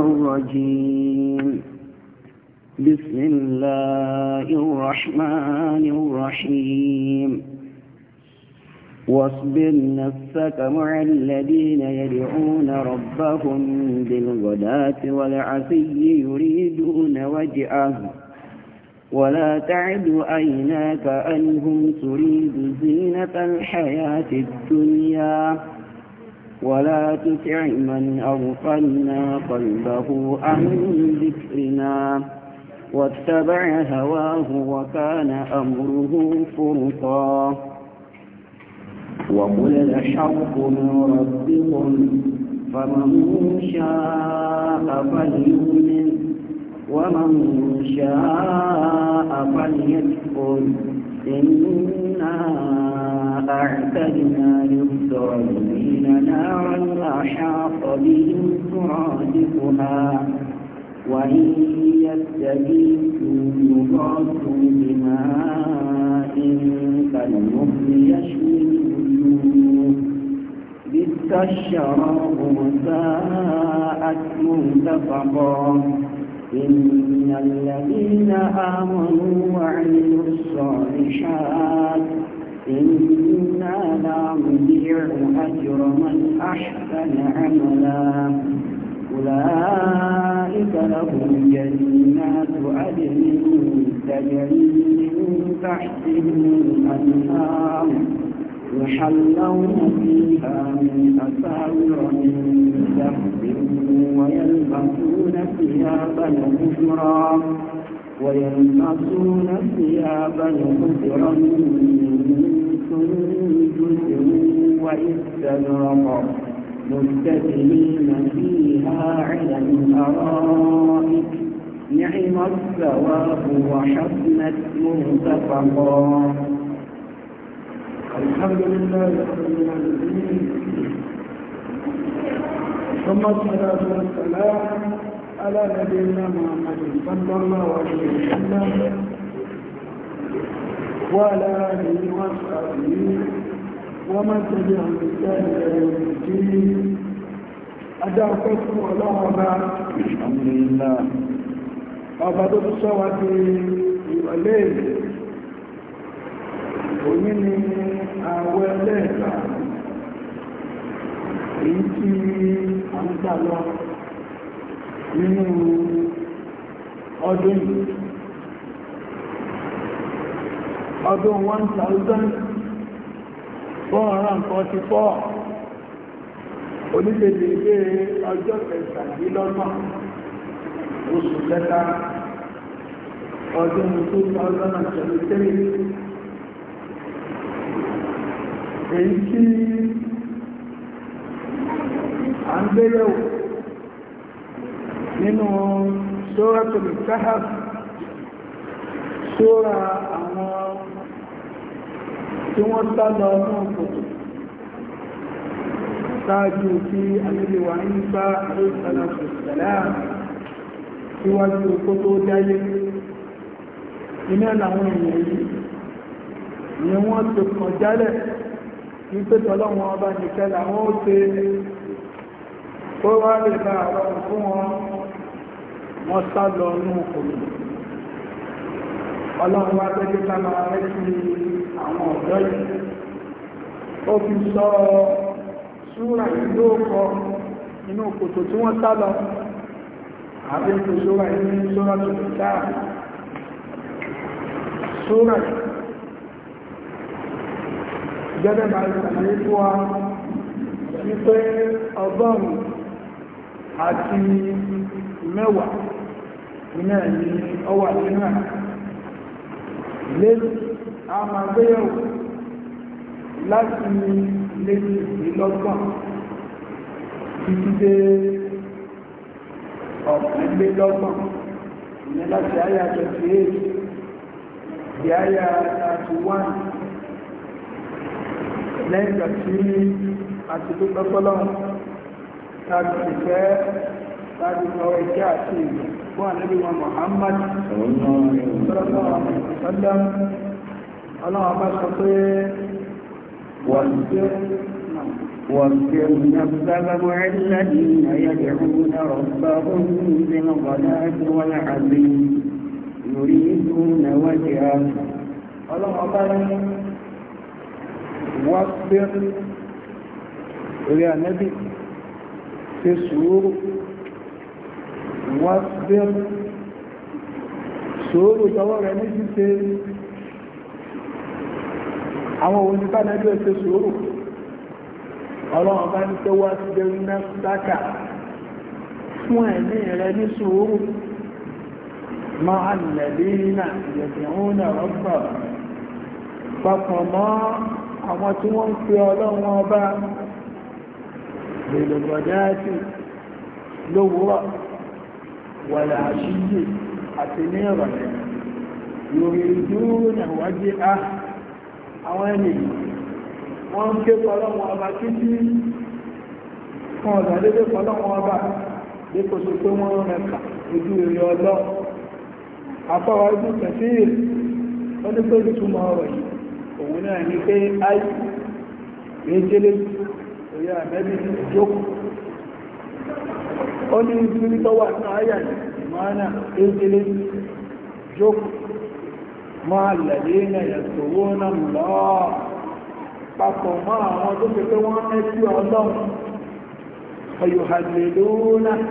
الرجيم بسم الله الرحمن الرحيم واصبر نفسك مع الذين يدعون ربهم بالغداة والعشي يريدون وجهه ولا تعد عيناك عنهم تريد زينة الحياة الدنيا ولا تطع من أغفلنا قلبه عن ذكرنا واتبع هواه وكان أمره فرطا وقل الحق من ربكم فمن شاء فليؤمن ومن شاء فليكفر إنا وأعتدنا للظالمين نارا أحاط بهم سرادقها وإن يستجيبوا يغاثوا بماء كالمهل يشوي الوجوه بئس الشراب وساءت منتفقا إن الذين آمنوا وعملوا الصالحات إنا لا نضيع أجر من أحسن عملا أولئك لهم جنات عدن تجري من تحتهم الأنهار يحلون فيها من أساور من ذهب ويلبسون ثيابا خضرا ويلبسون ثيابا خضرا من سندس واستبرق متكئين فيها على الارائك نعم الثواب وحسنت مرتفقا الحمد لله رب العالمين ثم الصلاه والسلام على نبينا محمد صلى الله عليه وسلم وعلى آله وصحبه ومن تبعهم بإحسان إلى يوم الدين أدعوكم الله الحمد لله ọbàdó tó sọ́wà ti ìrọ̀lẹ́ èdè òní ni nínú ọdún ọdún 1444 onílẹ̀-èdè ilé ọjọ́ kẹsàndínlọ́gbọ̀n oṣù kẹta ọdún 2023 èyí tí a ń gbéyẹ̀wò nínú sóra tòlù káhàf sóra àwọn tí wọ́n sá lọ ọmọ òkòtò sáájú tí alẹ́lẹ́wà ń bá àrísàlàfò sẹ̀lá síwájú kó tó dáyé iná làwọn èèyàn yìí ni wọ́n ó ṣe ó wá lè bá àwọn fún wọn wọ́n sá lọ ọlọ́run wá máa rẹ́ àwọn ọ̀dọ́ yìí ó fi sọ inú kòtò tí wọ́n sá lọ tó fi gẹ́gẹ́ bá ìsàlẹ̀ fún iná ní ọwà nínú lẹ́nu a máa gbéyàwó láti lẹ́nu ìlọ́gbọ̀n títí dé ọ̀pẹ́lélọ́gbọ̀n ní láti àyà 28 di àyà 31 lẹ́yìn tí àti tó pẹ́pọ́lọ́run tàbí ìfẹ́ tàbí ọ̀rẹ́ ìjẹ́ àti ìlú fún ànábì wa Muhammad ọlọ́wọ́ bá sọ pé wọ́n jẹ́ واغفر نفسك مع الذين يدعون ربهم بالغداة والعشي يريدون وجهه واصبر يا نبي في السرور wọ́n bẹ̀rù sòórò tọwọ́ rẹ̀ ní ṣíṣe àwọn òun ní kánẹ́bí ẹ̀ṣẹ́ sòórò ọlọ́run bá ní pé wá sí bẹ̀rù náà sáka fún ẹ̀mí rẹ̀ ní sòórò máa lẹ̀lẹ́nà ìyẹ̀dẹ̀húnà àwọn tí wọ́n ń pè ọlọ́run ọba lèlògbọ̀dá sí lówùúrọ̀ wàlà àṣíyè àti ní ìrọ̀lẹ́ lórí dúró ní àwájí á àwọn ẹni wọ́n ń ké pọ̀lọ́wọ́n ọba títí fún ọ̀dà dédé pọ̀lọ́wọ́n ọba bí kò sí pé wọ́n rẹ̀kà ojú èrè ọlọ́ àpọ̀wà ojú kẹfí ó ó ní ìfìrí tó wà ní àyà ìmáàna ìjìlẹ̀ jókù máa lẹ̀lẹ́ ní ẹ̀sọ̀wó náà lọ papọ̀ mọ́ àwọn tó fi pé wọ́n mẹ́jú ọlọ́run ọyọ̀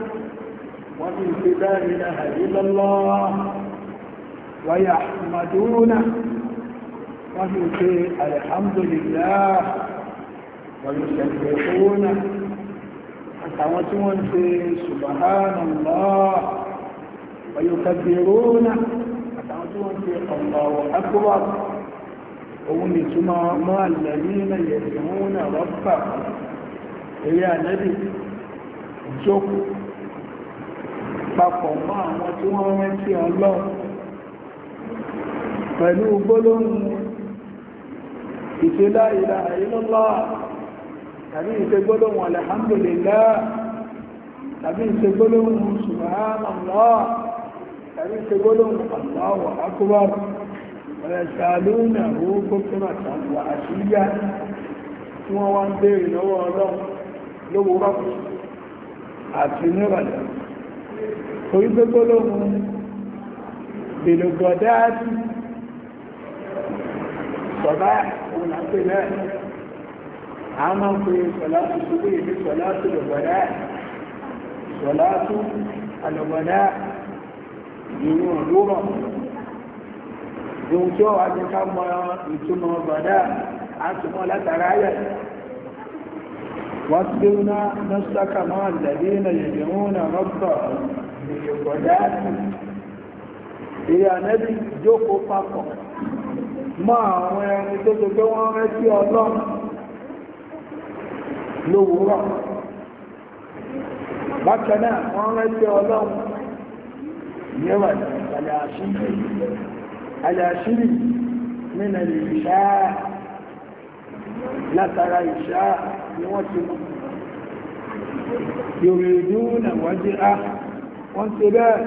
wọ́n fi dáàrin àhàlélọ́lọ́ wáyà àmàdónà wọ́n ti fi wọ́n ti àtàwọn tí wọ́n ń ṣe subhanallah wa yukabbiruna papọ̀ mọ́ àwọn tí wọ́n pẹ̀lú tàbí ìṣe gbólóhùn alhamdulillah tàbí ìṣe gbólóhùn subhanallah tàbí ìṣe gbólóhùn Allahu akbar ẹ̀ṣàlúnàwó gómìnà tàbí àṣíyá tí wọ́n wá ń béèrè lọ́wọ́ ọlọ́run lówó rọ́pù a máa ń pe sọ̀látù ṣubú ìbí sọ̀látù lọ̀gbọ̀dá sọ̀látù àlọ̀gbọ̀dá ìrun òwúrọ̀ ohun tí ó wà ní ká mọ ìtumọ̀ gbọ̀dá a tún mọ́ látara ayẹ̀ na tí ó ná na yẹ̀dẹ̀wọ́n na rọ́pọ̀ ìgbọ̀dá ìrìn lówùúrọ̀ bákan náà wọ́n rántí ọlọ́run yẹ́wà aláṣírí nínú ìṣá látara ìṣá ni wọ́n ti mọ̀ yòrìdú na wájí á wọ́n ti bẹ́ẹ̀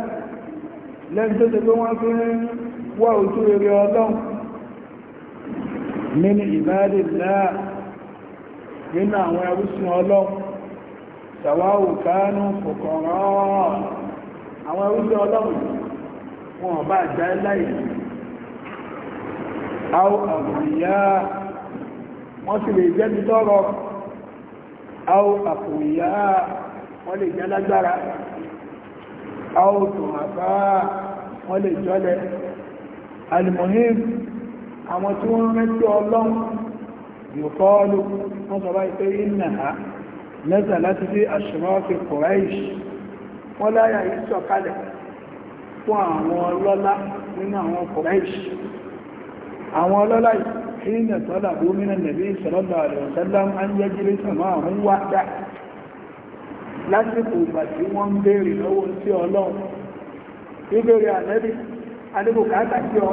lẹ́yìn tó ti wọ́n fi ń wá ojú rere ọlọ́run nínú ìbádìí láà nínú àwọn ẹrúsìn ọlọ́run sàwáwù káánù kòkòrò àwọn ẹrúsìn ọlọ́run wọn bá jẹ́ láìsí àwọn àwòrìyá wọ́n sì lè jẹ́ ti tọ́rọ àwọn wọ́n lè jẹ́ lágbára àwọn tòmàfà wọ́n lè jọ́lẹ̀ àwọn tí wọ́n rẹ́ tí ọlọ́run yùkọ́ọ̀lù wọ́n sọ báyìí pé iná ha lẹ́sà láti fi àṣìmọ́ọ̀fì kùráìṣì wọ́n láyà yìí sọ̀kalẹ̀ fún àwọn ọlọ́lá nínú àwọn kùráìṣì àwọn ọlọ́lá yìí ní tọ́lá gómìnà nàbí sallallahu alaihi wasallam an yẹ jírí sàmà àwọn wá dá lásìkò ìgbà tí wọ́n ń béèrè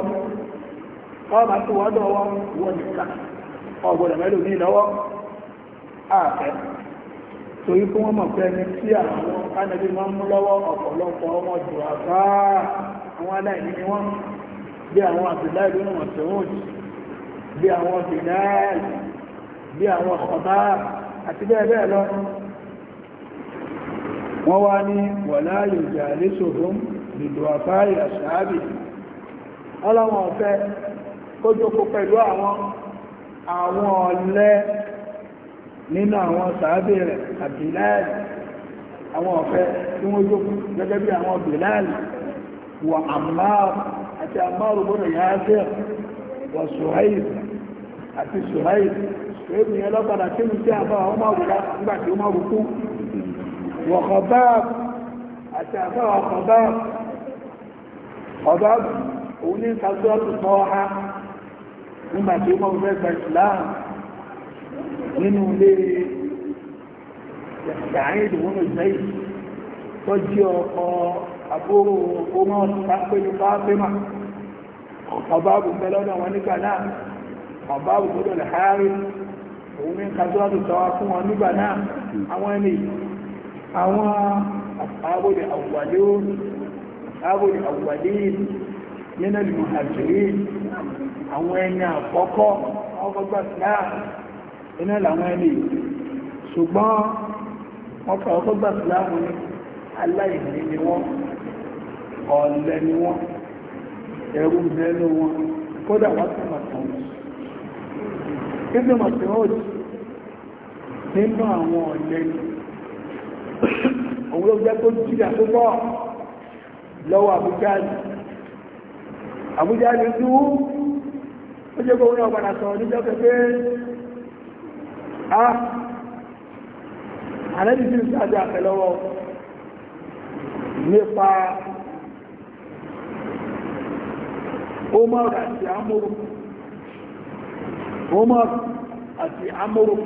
ọmọ ọmọ àti wọ́dọ̀ wọn wọ́n nìkan ọgbọ̀dọ̀ mẹ́lò ní ìlọ́wọ́ ààfẹ́ torí kí wọ́n mọ̀ pé ẹni tí àwọn ánàbí ma ń mú lọ́wọ́ ọ̀pọ̀lọpọ̀ ọmọ jù àwọn aláìní ni wọ́n bí àwọn àbìlá ìlú wọn tẹ̀wọ̀n bí àwọn bí àwọn àwọn ọ̀lẹ́ nínú àwọn sàábé rẹ̀ àbìláàlì àwọn ọ̀fẹ́ tí wọ́n jókù gẹ́gẹ́ bí àwọn bìláàlì wà àmáàrù àti àmáàrù bọ́nà yááfẹ́ wà sùháìbì àti sùháìbì sùháìbì lọ́pàdà nígbà tí wọ́n fẹ́ gba islam nínú ilé ṣàárín ìdìbòmọ̀ ìsẹ́yìn tó jí ọkọ̀ àbúrò ọmọ ìpápẹ́lú fáfẹ́mà ọba àbùgbẹ́ lọ́dọ̀ wọn nígbà náà ọba àbùgbẹ́ lọ́dọ̀ òun ní kàtọ́lọ́tù tọwa fún wọn nínú ìlú àjèrè àwọn ẹni àkọ́kọ́ ọgbọ́gbà síláà iná làwọn ẹni ṣùgbọ́n ọkọ̀ ọgbọ́gbà síláà wọn aláìní ni wọ́n ọ̀lẹ ni wọ́n ẹ̀rù mẹ́lú wọn kódà wọ́n tún màtàn ìgbìmọ̀ tí ó jù nínú àwọn ọ̀lẹ ni òun ló jẹ́ tó jìyà tó bọ́ lọ́wọ́ àbújáde àbújá lè tú ó jẹ́ kó wọ́n padà sọ̀rọ̀ níjọ́ pẹ́pẹ́ ah àrẹ́bí sí ìsájú àpẹlọ́wọ́ nípa Omar àti Amuru Omar àti Amuru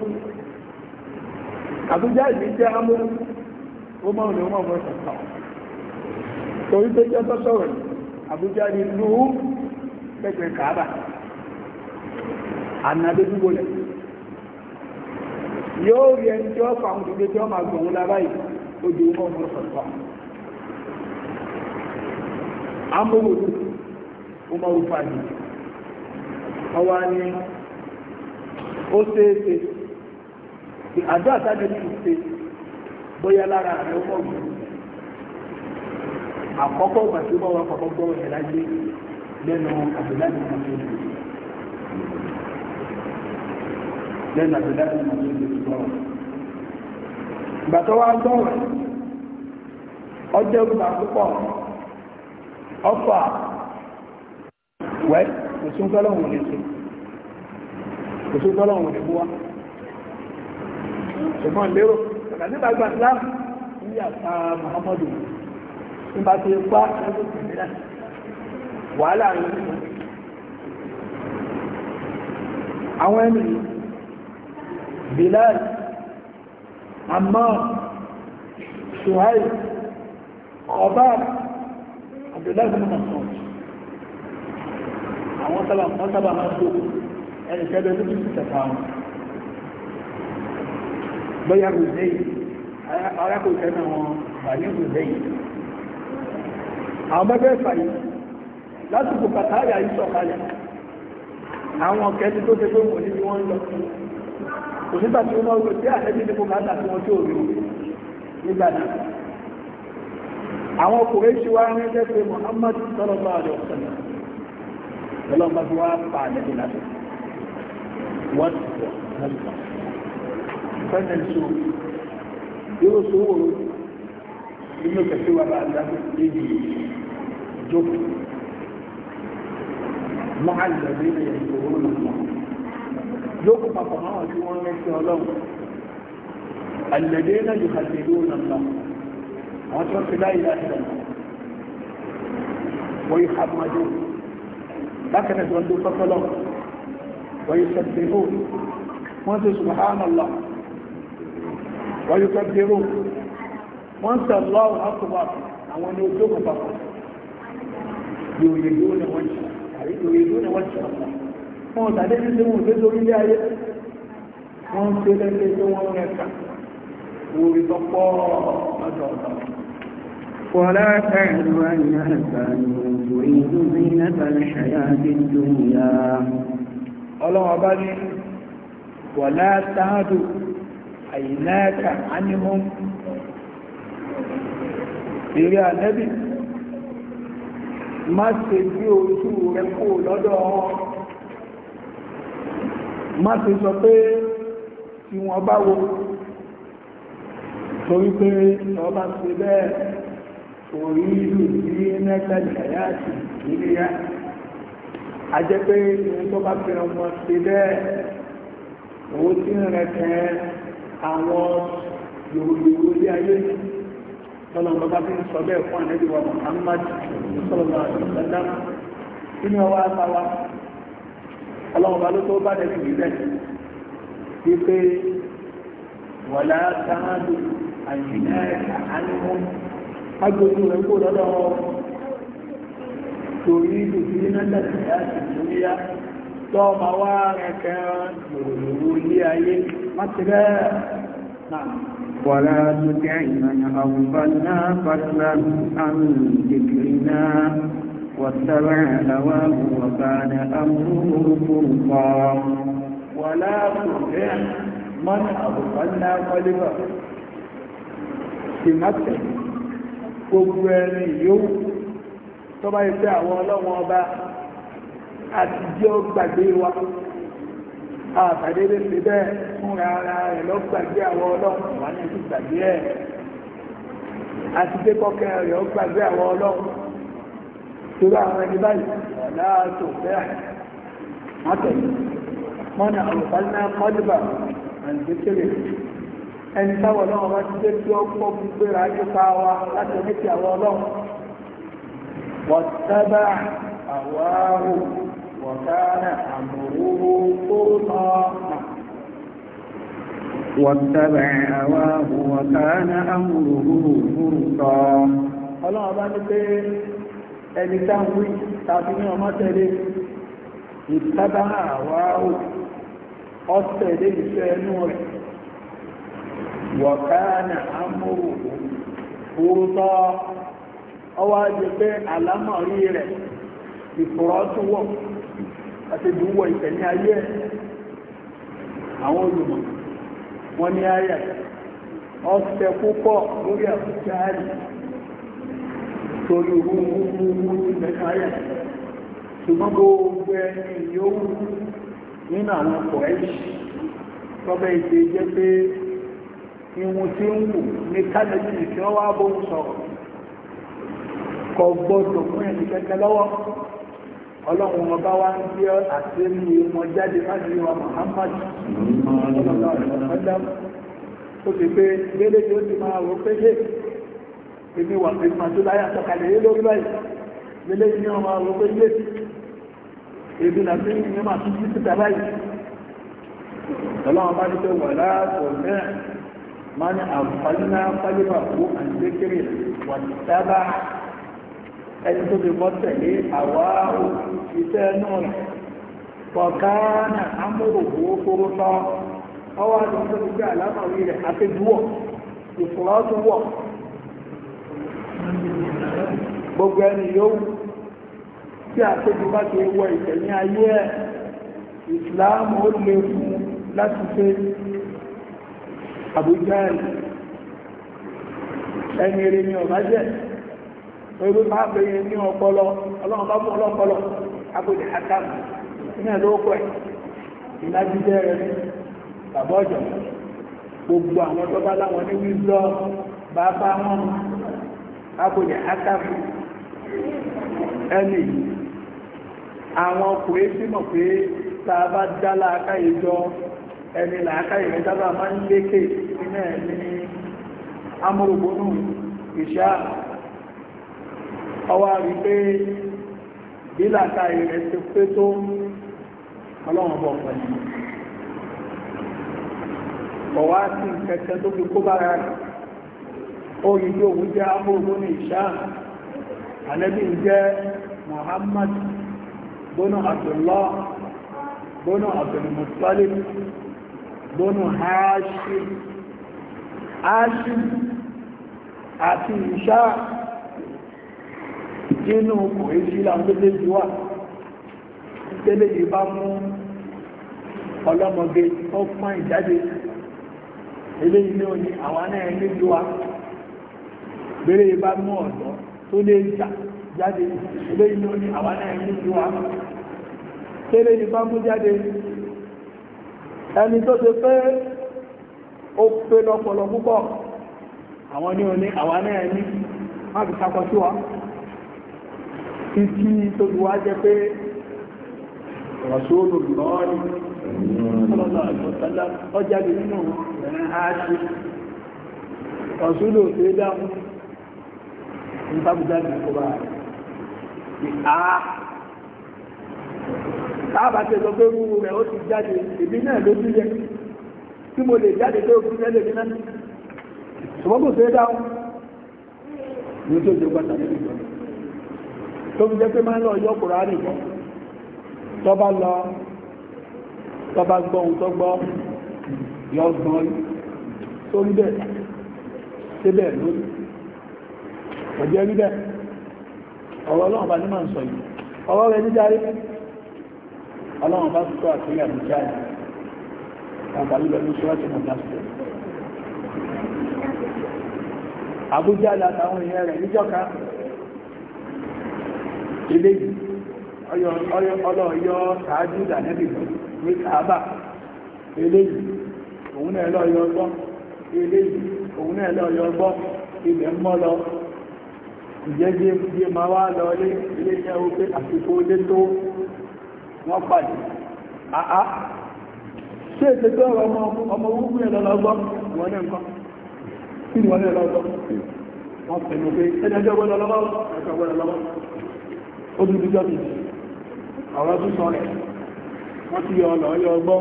àbújá ìlú jẹ́ Amuru Omar ni Omar mọ́ ìsọ̀tọ̀ torí pé jẹ́ tọ́sọ̀rọ̀ yìí Àbújá ní ìlú pẹ̀pẹ̀ kàábà ànàdójúgbòlẹ̀ yóò rí ẹni tí ó fa àwọn òṣèlú tí ó máa gbọ̀n lábáyìí ó di ọmọ ọmọ ọ̀sọ̀tọ̀ ọmọ òfàdì ọwá ni ó àjọ ní bóyá lára rẹ̀ àkọ́kọ́ ìgbà tí ó bá wà kọ́kọ́ gbọ́ ẹ̀ láyé lẹ́nu àbẹ̀láyé mọ̀tòlù lẹ́nu àbẹ̀láyé mọ̀tòlù tó bá wà. ìgbà tó wá gbọ́rọ̀ ọjọ́ ìgbà púpọ̀ ọfà wẹ́ kò sún tọ́lọ́hùn lè sùn kò sún tọ́lọ́hùn lè bú wa ṣùgbọ́n lérò ìgbà tí bá ní àta Muhammadu nígbà tí ó pa wàhálà rẹ̀ àwọn ẹni Bilal Ammar Shuhaib Khabab Abdullahi bin Mas'ud àwọn sábà wọ́n sábà máa tó ẹni kẹ́bẹ̀ ló tún tẹ̀ta wọn bóyá rùzẹ́yì arákùnkẹ́ náà wọn bà ní rùzẹ́yì àwọn mẹ́fẹ́fà yìí lásìkò pàtàkì àyí àwọn kẹ́ni tó ṣe pé ní wọ́n lọ kò nígbà tí wọ́n rò tí ní tí wọ́n tí àwọn ọkùnrin ṣe wá ẹgbẹ́ pé Muhammad sallallahu alaihi wasallam ọlọ́mọ الجبن مع الذين يذكرون الله يوم طمعوا في ونفس الذين يخلدون الله وترك لا اله الا الله ويحمدون لكن يتولوا فصلوا ويسبحون وانت سبحان الله ويكبرون وانت الله اكبر وانت ni ojú يريدون وجهه يريدون وجه الله wọn tàbí ní tí wọn tẹ́tọ́ orílẹ̀ ayé wọn tẹ́ lẹ́lẹ́ tó wọ́n rẹ̀ka orí tọ́pọ̀ ọjọ́ ọ̀tọ̀ فلا تعلم أنها كانوا تريد زينة الحياة الدنيا الله أبالي ولا تعد عيناك عنهم إلى النبي má ṣe bí ojú rẹ kó lọ́dọ̀ wọn má ṣe sọ pé tí wọ́n bá wo torí pé ọba ṣe bẹ́ẹ̀ orí ìlú sí mẹ́tẹ̀lẹ̀yà àti ìrìyà a jẹ́ pé ìrìn tó bá fi ọmọ ṣe bẹ́ẹ̀ owó tí ń rẹ̀ kẹ́ àwọn yòòyòó ilé ayé yìí tọ́lọ́mọ bá fi ń sọ bẹ́ẹ̀ fún ànẹ́bí wa Muhammad sọ́lọ́mọ àtọ́sọ́lá nínú ọwọ́ àtàwà ọlọ́mọ bá ló tó bá dẹ̀bí nílẹ̀ wípé wọ̀lá sáádù àyìnà àánú agbójú rẹ̀ kó lọ́dọ̀ torí ولا تطع من أغفلنا فضله عن ذكرنا واتبع هواه وكان أمره فرطا ولا تطع من أغفلنا قلبه سمته gbogbo ẹni yóò tó bá yẹ pé àwọn ọlọ́wọ́n àtàdédé ṣe bẹ́ẹ̀ fúnra ara rẹ̀ lọ àwọn ọlọ́run wà ní ìlú ẹ̀ àti pé rẹ̀ ó àwọn ọlọ́run torí àwọn ẹni báyìí ọ̀la tó fẹ́ wọ́n tẹ̀lé wọ́n ní àwòkọ́ ẹni táwọn ọlọ́run bá ti dé tí ó pọ̀ gbéra yípa wa láti oníkì àwọn ọlọ́run wọ́n tábà نفسه فرطا واتبع هواه وكان أمره فرطا الله أبانك ẹni tá ń wí tàbí ní ọmọ tẹ̀lé ìtàbá àwá ò ọ́tẹ̀lé ìfẹ́ ẹnu rẹ̀ wọ̀kánà amóhù orútọ́ ọwá jẹ́ pé àlámọ̀rí rẹ̀ ìfòrọ́túwọ̀ àtẹ́jú wọ ìtẹ̀lé ayé ẹ̀ àwọn olùmọ̀ wọ́n ní ayé ọ̀sẹ̀ púpọ̀ lórí àkókò ayé torí wúwúwúwú ìgbẹ̀ka ayé ṣùgbọ́n gbogbo ẹni yóò nínú àwọn ọkọ̀ ẹ̀ṣì tọ́bẹ̀ ìṣe jẹ́ pé ìwọ̀n tí ń wù ní kálẹ̀tì ìṣẹ́ wá bóun sọ̀rọ̀ kò gbọ́dọ̀ fún ẹnì kẹ́kẹ́ lọ́wọ́ ọlọ́run ọba wa ń gbé àtẹ́rí wọn jáde láti wa Muhammad ó ti pé lédè tí ó ti máa rò pé ṣe èmi wà pé máa tó láyà sọ̀kalẹ̀ yé lórí báyìí lédè tí ó máa rò pé ṣe èmi là fi ní máa tún títí ta báyìí ọlọ́run bá ní pé wà láàbọ̀ náà máa ní àǹfààní náà pálíbà fún àǹdékèrè wà tábà ẹni tó lè mọ́ tẹ̀lé àwa ìfẹ́ náà rẹ̀ ọ̀gáánà amúrògbò kóró tọ́ ọwọ́ àti tó ti gbé àlámàwí rẹ̀ àtẹ́dúwọ̀ ìfúrọ́túwọ̀ gbogbo ẹni yóò tí àtẹ́jú bá ti wọ ìtẹ̀ní ayé ẹ̀ ìsìláàmù ó lè fún láti fẹ́ àbújá ẹni ẹni eré ni ọ̀bá ewu bá bẹ̀rẹ̀ ní ọpọlọ ọlọ́run bá agbèdè àtàmù ní ẹ̀lọ́ ọkọ̀ ẹ̀ ìlàjíjẹ́ rẹ̀ bàbá gbogbo àwọn tó láwọn ní wíńdọ́ bàbá wọn agbèdè àtàmù a bá dá jọ ẹni làákàyè rẹ̀ dábàá máa ọwá rí pé bílàkà rẹ̀ ti pé tó ọlọ́run bọ̀ pẹ̀lú ọwá sí kẹ̀kẹ́ tó fi kó bára rẹ̀ ó rí bí òun jẹ́ amóhùn ní ìṣá ànẹ́bí jẹ́ Muhammad bónú Abdullah bónú Abdulmuttalib bónú Hashim Hashim àti ìṣá inú kò èsì láńgbélé jù wà tẹ́lẹ̀ yìí bá mú ọlọ́mọge ó pọ́n ìjáde ilé ilé òní àwọn náà ní jù wà bèrè yìí bá mú ọ̀dọ́ tó lè jà jáde ilé ilé òní àwọn náà ní jù wà tẹ́lẹ̀ yìí bá mú jáde ẹni tó ṣe pé ó pé lọ́pọ̀lọ́ púpọ̀ àwọn ní òní àwọn náà ní má fi sakọ sí wa ìtí tó bí wá jẹ́ pé rọ̀ṣọ́lù lọ́ọ̀lì ọjáde nínú ààṣì rọ̀ṣọ́lù tó dáhùn ní tábùjáde kò bá rẹ̀ tábà tẹ́ sọ pé rú rẹ̀ ó ti jáde ìbí náà ló jílẹ̀ tí mo lè jáde tó kú mẹ́lẹ̀ ní náà ṣùgbọ́n kò tó dáhùn ní tó jẹ́ pàtàkì ìjọba tó fi jẹ́ pé máa ń lọ yọ kùránì bọ̀ tó bá lọ tó bá gbọ́ ohun tó gbọ́ yọ gbọ́n tó rí bẹ́ẹ̀ ṣe bẹ́ẹ̀ lórí kò jẹ́ rí bẹ́ẹ̀ ọ̀rọ̀ ọlọ́run bá ní máa ń sọ yìí ọ̀rọ̀ rẹ̀ ní járe ọlọ́run bá sọ àkílẹ̀ àbújá yìí àbálúbẹ̀ ní ṣọ́ọ̀tì mọ̀dásílẹ̀ àbújá látàwọn èèyàn rẹ̀ níjọ́ka eléyìí ọlọ́ọ̀yọ́ ṣáájú ìdánẹ́bì ní kàábà eléyìí òun náà lọ́ọ̀yọ́ gbọ́ eléyìí òun náà lọ́ọ̀yọ́ gbọ́ ilẹ̀ mọ́ lọ ìjẹ́jẹ́ bí ma wá lọ lé iléeṣẹ́ oké àsìkò olé tó wọ́n pàdé àá ṣe ètò tó ọ̀rọ̀ ọmọ ogun ẹ̀ lọ́lọ́gbọ́ wọ́n ní nǹkan kí ni wọ́n ní lọ́gbọ́ wọ́n pẹ̀lú pé ẹjọ́jọ́ gbọ́dọ̀ lọ́wọ́ olùdíjọ́ ti ọ̀rọ̀ tó sọ rẹ̀ wọ́n ti yọ ọ̀nà yọ ọgbọ́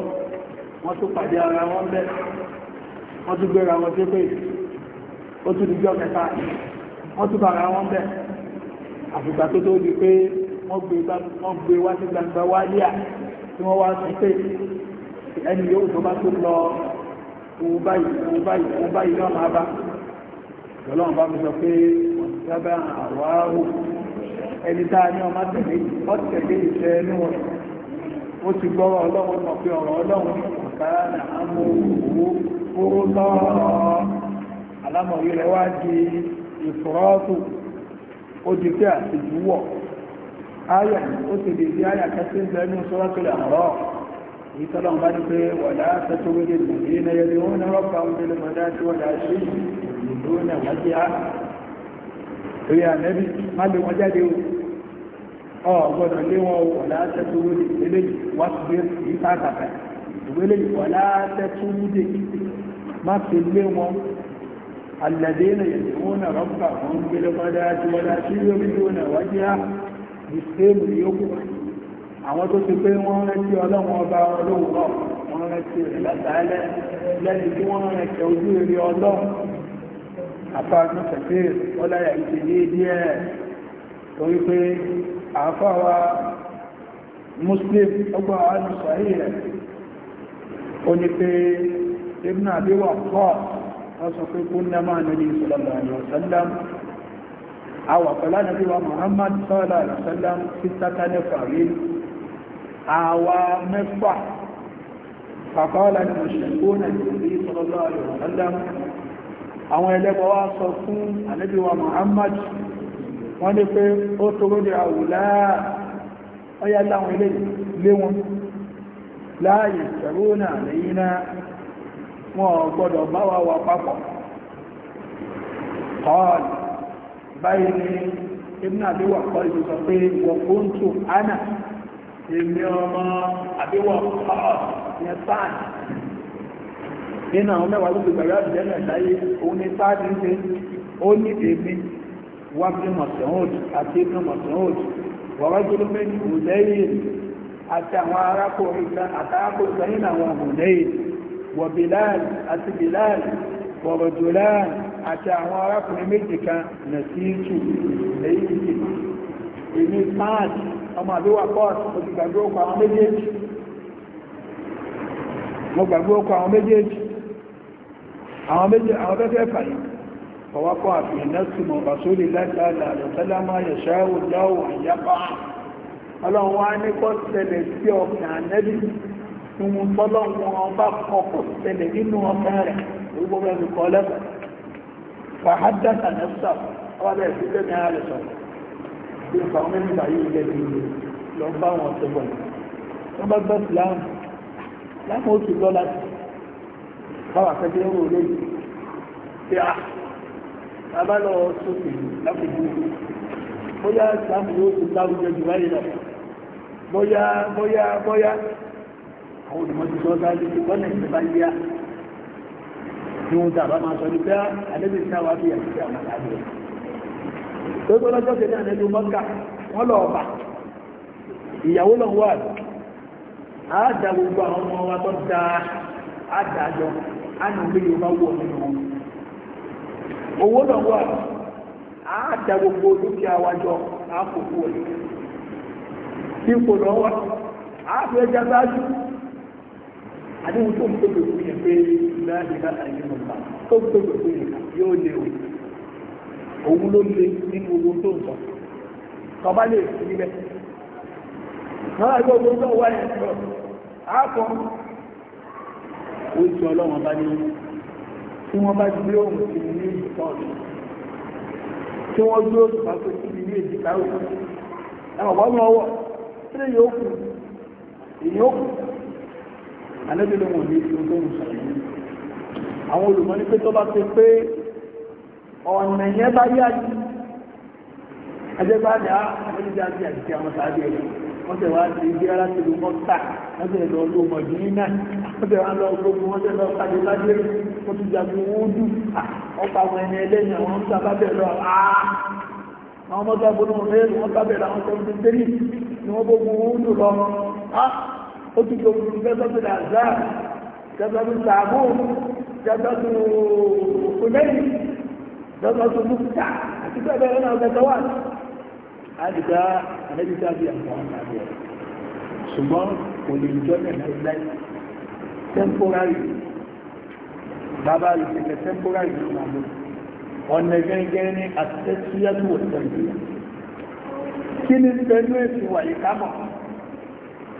wọ́n tó pàdé ara wọn bẹ́ wọ́n tó gbéra wọn tó pé ó tó díjọ́ kẹta wọ́n tó bára wọn bẹ́ àfìgbà tó tó di pé wọ́n gbé wá sí gbangba wá lé à tí wọ́n wá sí pé ẹni yóò tó bá tó lọ òun báyìí òun báyìí òun báyìí náà máa bá lọ́lọ́run bá mi sọ pé wọ́n ti sábà àwárò ẹni tá a ní ọmọ tẹ̀lé ọ̀tẹ̀lé ìfẹ́ ẹnu wọn ó ti gbọ́rọ̀ ọlọ́run mọ̀ pé ọ̀rọ̀ ọlọ́run ní ọ̀kára nà á mú owó kó lọ́rọ̀ alámọ̀rí rẹ̀ wá di ìfúrọ́ọ̀tù ó di pé àtìjúwọ̀ ayà ó ti lè di ayà kẹsí ń bẹnu sọ́rọ́tìlẹ̀ ọ̀rọ̀ èyí tọ́lọ́run bá ní pé wọ̀dá tẹ́tọ́ wé lòdì ní ó ń rọ́pàá ń bẹ̀rẹ̀ mọ̀dá tí wọ́dá ṣe ìlú ní àwọn á. Orí ànẹ́bí má lè wọ́n jáde o ọ̀gbọ́dọ̀ lé wọn wọ̀lá tẹ́túrú dé ilé wáṣíwé ìta àtàkà ìwélé wọ̀lá tẹ́túrú dé má fi lé wọn alẹ́dẹ́nà yẹ̀dẹ̀wọ́nà rọ́pà wọn gbélé bọ́dá tí wọ́dá tí yóò rí lónà wájú á di sèmù yókù àwọn tó ti pé wọ́n rántí ọlọ́run ọba ọlọ́run náà wọ́n rántí rẹ̀ lẹ́yìn tí wọ́n rántí ojú rí ọlọ́run àpá àtúntẹ̀fẹ́ ọláyà ìṣèlú díẹ̀ torí pé àfáwà muslim ọgbà alùsàáyì rẹ̀ ó ní pé ibn àbíwà pọ̀ wọ́n sọ pé kún náà máa nílé sallallahu alaihi wasallam àwà pẹ̀lá nàbíwà muhammad sallallahu alaihi wasallam sí sátánẹ́ fàrí àwà mẹ́fà fàkọ́lá ní mọ̀ṣẹ̀kúnà nílé sallallahu wọ́n ní pé ó toró ní àwùlá ọya láwọn ilé wọn láàyè ṣẹ̀rọ́nà náà wọn gbọ́dọ̀ bá wà wà papọ̀ qal báyìí ni ibn àbíwà kọ́ ìlú sọ pé wọ́n ánà ọmọ àbíwà kọ́ sáàdì nínú àwọn mẹ́wàá وابن مسعود أتيب مسعود ورجل من هذيل أتوارك أتاك بين وهذيل وبلال أتي بلال ورجلان أتوارك ممتك نسيت ليتي إني مات أما دوا قوس وتقدروك عن مجيج mo gbàgbé ọkọ̀ àwọn méjèèjì àwọn méjèèjì àwọn fẹ́fẹ́ fàyè فوقع في نفس من رسول الله صلى الله عليه وسلم يشاء الله أن يقع ọlọ́run wá ní kọ́ ṣẹlẹ̀ sí ọkàn ànẹ́bí nínú tọ́lọ́ wọn bá kọ́kọ́ ṣẹlẹ̀ nínú ọkàn rẹ̀ orúkọ bẹ́ẹ̀ ní kọ́ lẹ́kọ̀ọ́ fàhádà sànẹ́sà ọba bẹ́ẹ̀ sí tẹ́mi ààrẹ sọ bí nǹkan ọmọ nígbà yìí ilẹ̀ ti lọ bá wọn ṣe bọ̀ wọ́n bá gbọ́ síláàmù láàmú ó ti lọ láti báwa kẹ́kẹ́ ń rò lóyún abálọ̀ sókè lápòjú bóyá ìsìlámù yóò ti dárúgbẹ́ jù láyé lọ bóyá bóyá bóyá àwọn olùmọ̀tí sọ dájú pé bọ́nà ìṣẹ́ bá yá ní ohun tàbá máa sọ ní pé àlébì tí a wá fi àti àwọn àlàyé rẹ̀ tó tó lọ́jọ́ tẹ̀lé àlejò mọ́kà wọ́n lọ ọ̀bà ìyàwó lọ wà á da gbogbo àwọn ọmọ wa tó da á dájọ á nà ń gbé owó náà wà á da gbogbo dúkìá wájọ á kò kú ẹ̀ ipò náà wà á fẹ́ jágbájú àdéhùn tó ń tóbi fún yẹn pé náà nígbà àyè mọ̀ta tó ń tóbi fún yẹn yóò lé o òun ló lé nínú owó tó ń sọ tọba lè fi níbẹ̀ náà yóò tó ń tọ́ wáyé sọ á kọ́ oúnjẹ ọlọ́run bá ní tí wọ́n bá gbé ohun sí ní èjìká ọ̀dọ̀ tí wọ́n gbé ohun bá tó sí ní èjìká ọ̀dọ̀ ẹwà wọ́n mọ́ ọwọ́ tí lè yóò kù èyí ó kù alẹ́bẹ̀lẹ̀ wọn ní ìlú tó ń sọ̀rọ̀ yìí àwọn olùmọ̀ ní pé tó bá ti pé ọ̀nà yẹn bá yá yìí ajẹ́gbá ni a ah, àwọn ìjà àti àti àwọn sàájú ẹ̀rọ wọ́n tẹ̀ wá sí ibi ara ti lu mọ́tà wọ́n tẹ̀ lọ lu mọ̀dínínà wọ́n tẹ̀ wá lọ gbogbo wọ́n tẹ̀ lọ pàdé lájẹ́ wọ́n ti jagun wúdù ọ̀pọ̀ àwọn ẹni ẹlẹ́yìn àwọn ń sábà bẹ̀ lọ àwọn ọmọ tó agbóná mẹ́rin wọ́n sábà bẹ̀rẹ̀ àwọn tẹ̀wọ́n tẹ̀lé ni wọ́n gbogbo wúdù lọ ó ti gbogbo ìfẹ́sọ́ ti dà záà jẹ́sọ́tù sàbò jẹ́sọ́tù òkúlẹ́yìn jẹ́sọ́tù mùsùlùmí àti bẹ́ẹ̀ bẹ́ẹ̀ náà ọ̀gẹ̀dẹ̀ wà àdìgbà àdẹ́bíta bí àwọn àgbẹ̀ ṣùgbọ́n kò lè jọ lẹ́lẹ́lẹ́ temporary bàbá ìṣẹ̀lẹ̀ temporary ló máa lò ọ̀nà gẹ́gẹ́ ní àtẹ́síyàtò òṣèlú kí ni pẹ̀lú èsì wàyí kámọ̀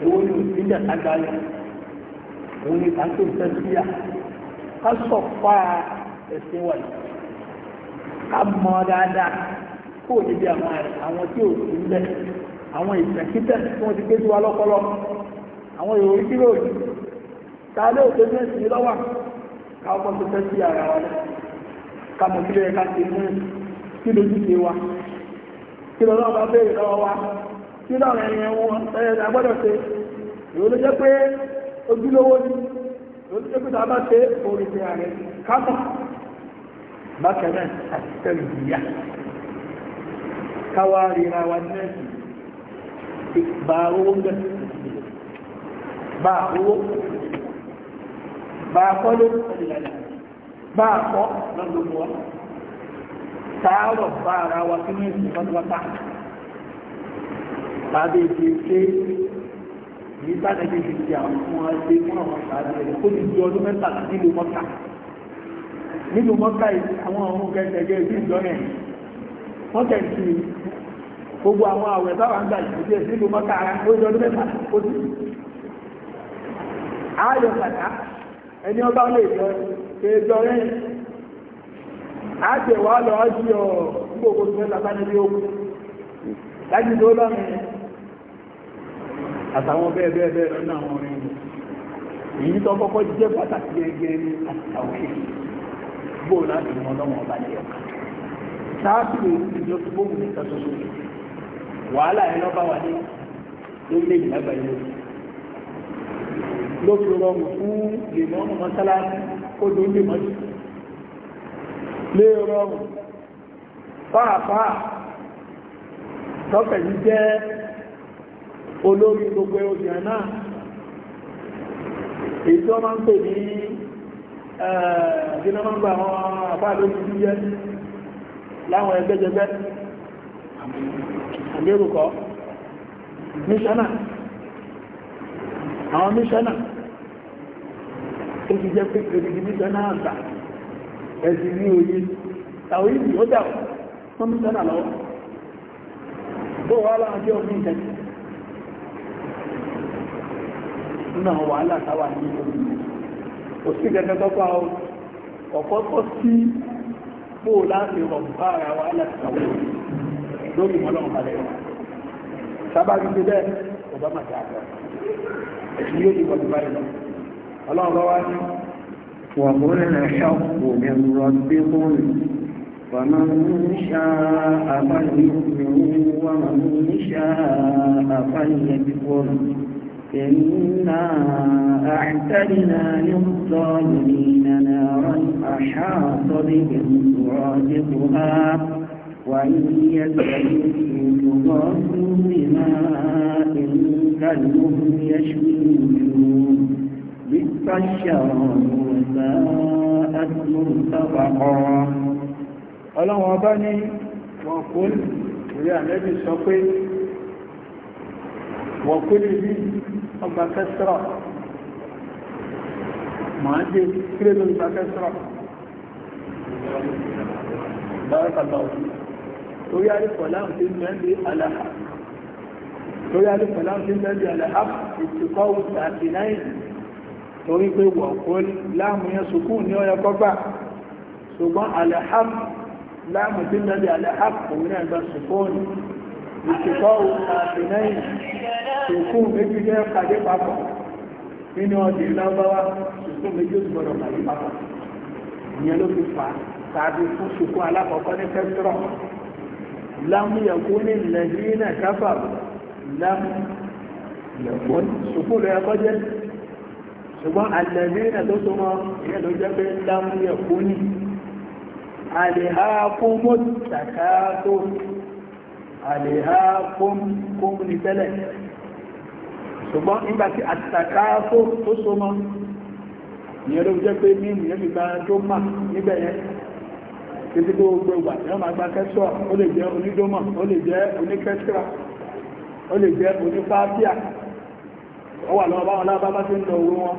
èwo ni òṣìṣẹ́ àgbáyé òun ni àti òṣèlúyà ká sọ kó o níbi àwọn àwọn tí ò sí ńlẹ̀ àwọn ìtẹ̀kítẹ̀ tí wọ́n ti gbé sí wa lọ́pọlọ àwọn ìròyìn ló yìí ta ní káwọn tó fẹ́ sí ara wa kí ká ti mú kí ṣe wa kí lọ́wọ́ bá béèrè lọ́wọ́ wa kí ẹ̀yẹ agbọ́dọ̀ ṣe ló jẹ́ pé ojúlówó ni ló jẹ́ pé tàbá ṣe orí bákẹ́rẹ́ káwá ríra wa náà bá owó ń bẹ̀rẹ̀ bá owó bá kọ́ ló bá kọ́ lọ́gbọ̀gbọ̀ táàrọ̀ bá ara wa sínú ìsìn pátápátá tàbí èdè ṣe ní sádẹ́gbẹ̀ ti di àwọn ọmọ ẹgbẹ́ fún àwọn ìpàdé rẹ̀ kó ti di ọdún mẹ́tàlá nílùú mọ́ta nílùú mọ́ta àwọn ọmọ gẹ́gẹ́ bí ìjọ yẹn wọ́n tẹ̀ sí gbogbo àwọn àwẹ̀ táwọn àgbà ìgbésẹ̀ sílùú mọ́ta ara ó ọdún mẹ́ta ó ti ààyò kàtà ẹni ọba lè jọ ẹjọ rẹ̀ àti lọ ọjí ọ gbogbo tó mẹ́ta bá níbi ogun láti tó àtàwọn bẹ́ẹ̀ bẹ́ẹ̀ bẹ́ẹ̀ lọ́nà àwọn èyí tó kọ́kọ́ jẹ́ pàtàkì ẹgbẹ́ èyí káàkiri ìjọ tó gbóhùn nìkan tuntun wàhálà yẹn lọ́ba wà ní lórílẹ̀-èdè lágbàáyé lórí ló fi rọrùn fún lèmọ́nù mọ́sálásí ó ló lè mọ́jú lè rọrùn pàápàá tọ́pẹ̀ ní jẹ́ olórí gbogbo obìnrin náà èyí tí wọ́n máa ń pè ní ẹ̀ẹ́dínlọ́mọ́gbà àwọn àbá lórí láwọn ẹgbẹ́jẹgbẹ́ àgbérùkọ́ míṣánà àwọn míṣánà tó ti jẹ́ pé kìrìkì míṣánà àgbà ẹ̀sìn ní òye tàwọn ìlú ó dà wọ́n míṣánà lọ́wọ́ bó wà láwọn omi ìtẹ́jì nínú àwọn wàhálà táwà ní òsì gẹ́gẹ́ tọ́pá sí kó o láti rọ̀ bá ara wa láti kàwé lórí mọ́ lọ́wọ́ balẹ̀ wa sábà rí bí bẹ́ẹ̀ kò bá máa dáadáa ẹ̀sùn yóò di wọ́n ti báyìí lọ ọlọ́run bá wá ní. وقل الحق من ربكم فمن شاء فليؤمن ومن شاء فليكفر إنا أعتدنا للظالمين نارا أحاط بهم سرادقها وإن يستغيثوا يغاثوا بماء كالمهل يشوي الوجوه بئس الشراب وساءت مرتفقا ọlọ́run ọba ní wọ̀kúlù orí àlẹ́bí sọ pé ọgbà kẹsìrọ̀ máa dé kílé ló gbà kẹsìrọ̀ bárakàlá òfin torí alìfọ̀láhùn tí mẹ́rin aláhà torí alìfọ̀láhùn tí mẹ́rin aláhà ìtìkọ́wù tàbí náà torí pé wọ̀kó láàmù yẹn sùkún ní ọyọ kọgbà ṣùgbọ́n aláhà láàmù tí mẹ́rin aláhà òun náà gbà sùkún ìṣẹ̀kọ́ àfìnẹ́yìn òkú méjì jẹ́ kàdé papọ̀ nínú ọdún lábáwá òkú méjì ó gbọdọ̀ kàdé papọ̀ ìyẹn ló fi fà tàbí fún ṣùkú alákọ̀ọ́kọ́ ní kẹsìrọ̀ lámúyẹ̀kú ní nàìjíríà káfà lámúyẹ̀kú ṣùkú lọ ẹ̀kọ́ jẹ́ ṣùgbọ́n àjẹ̀míràn tó tó mọ́ ìyẹn ló jẹ́ pé lámúyẹ̀kú ní àlèhàkú mọ́ àlèhá kóhùn ní tẹ́lẹ̀ ṣùgbọ́n nígbàtí àtàkáfó tó so mọ́ to ló jẹ́ pé mímú yẹn fi gbára tó níbẹ̀ yẹn títí tó gba ó lè jẹ́ onídọ́mọ̀ ó lè jẹ́ oníkẹ́sìrà ó lè jẹ́ onífáàfíà ó wà lọ́wọ́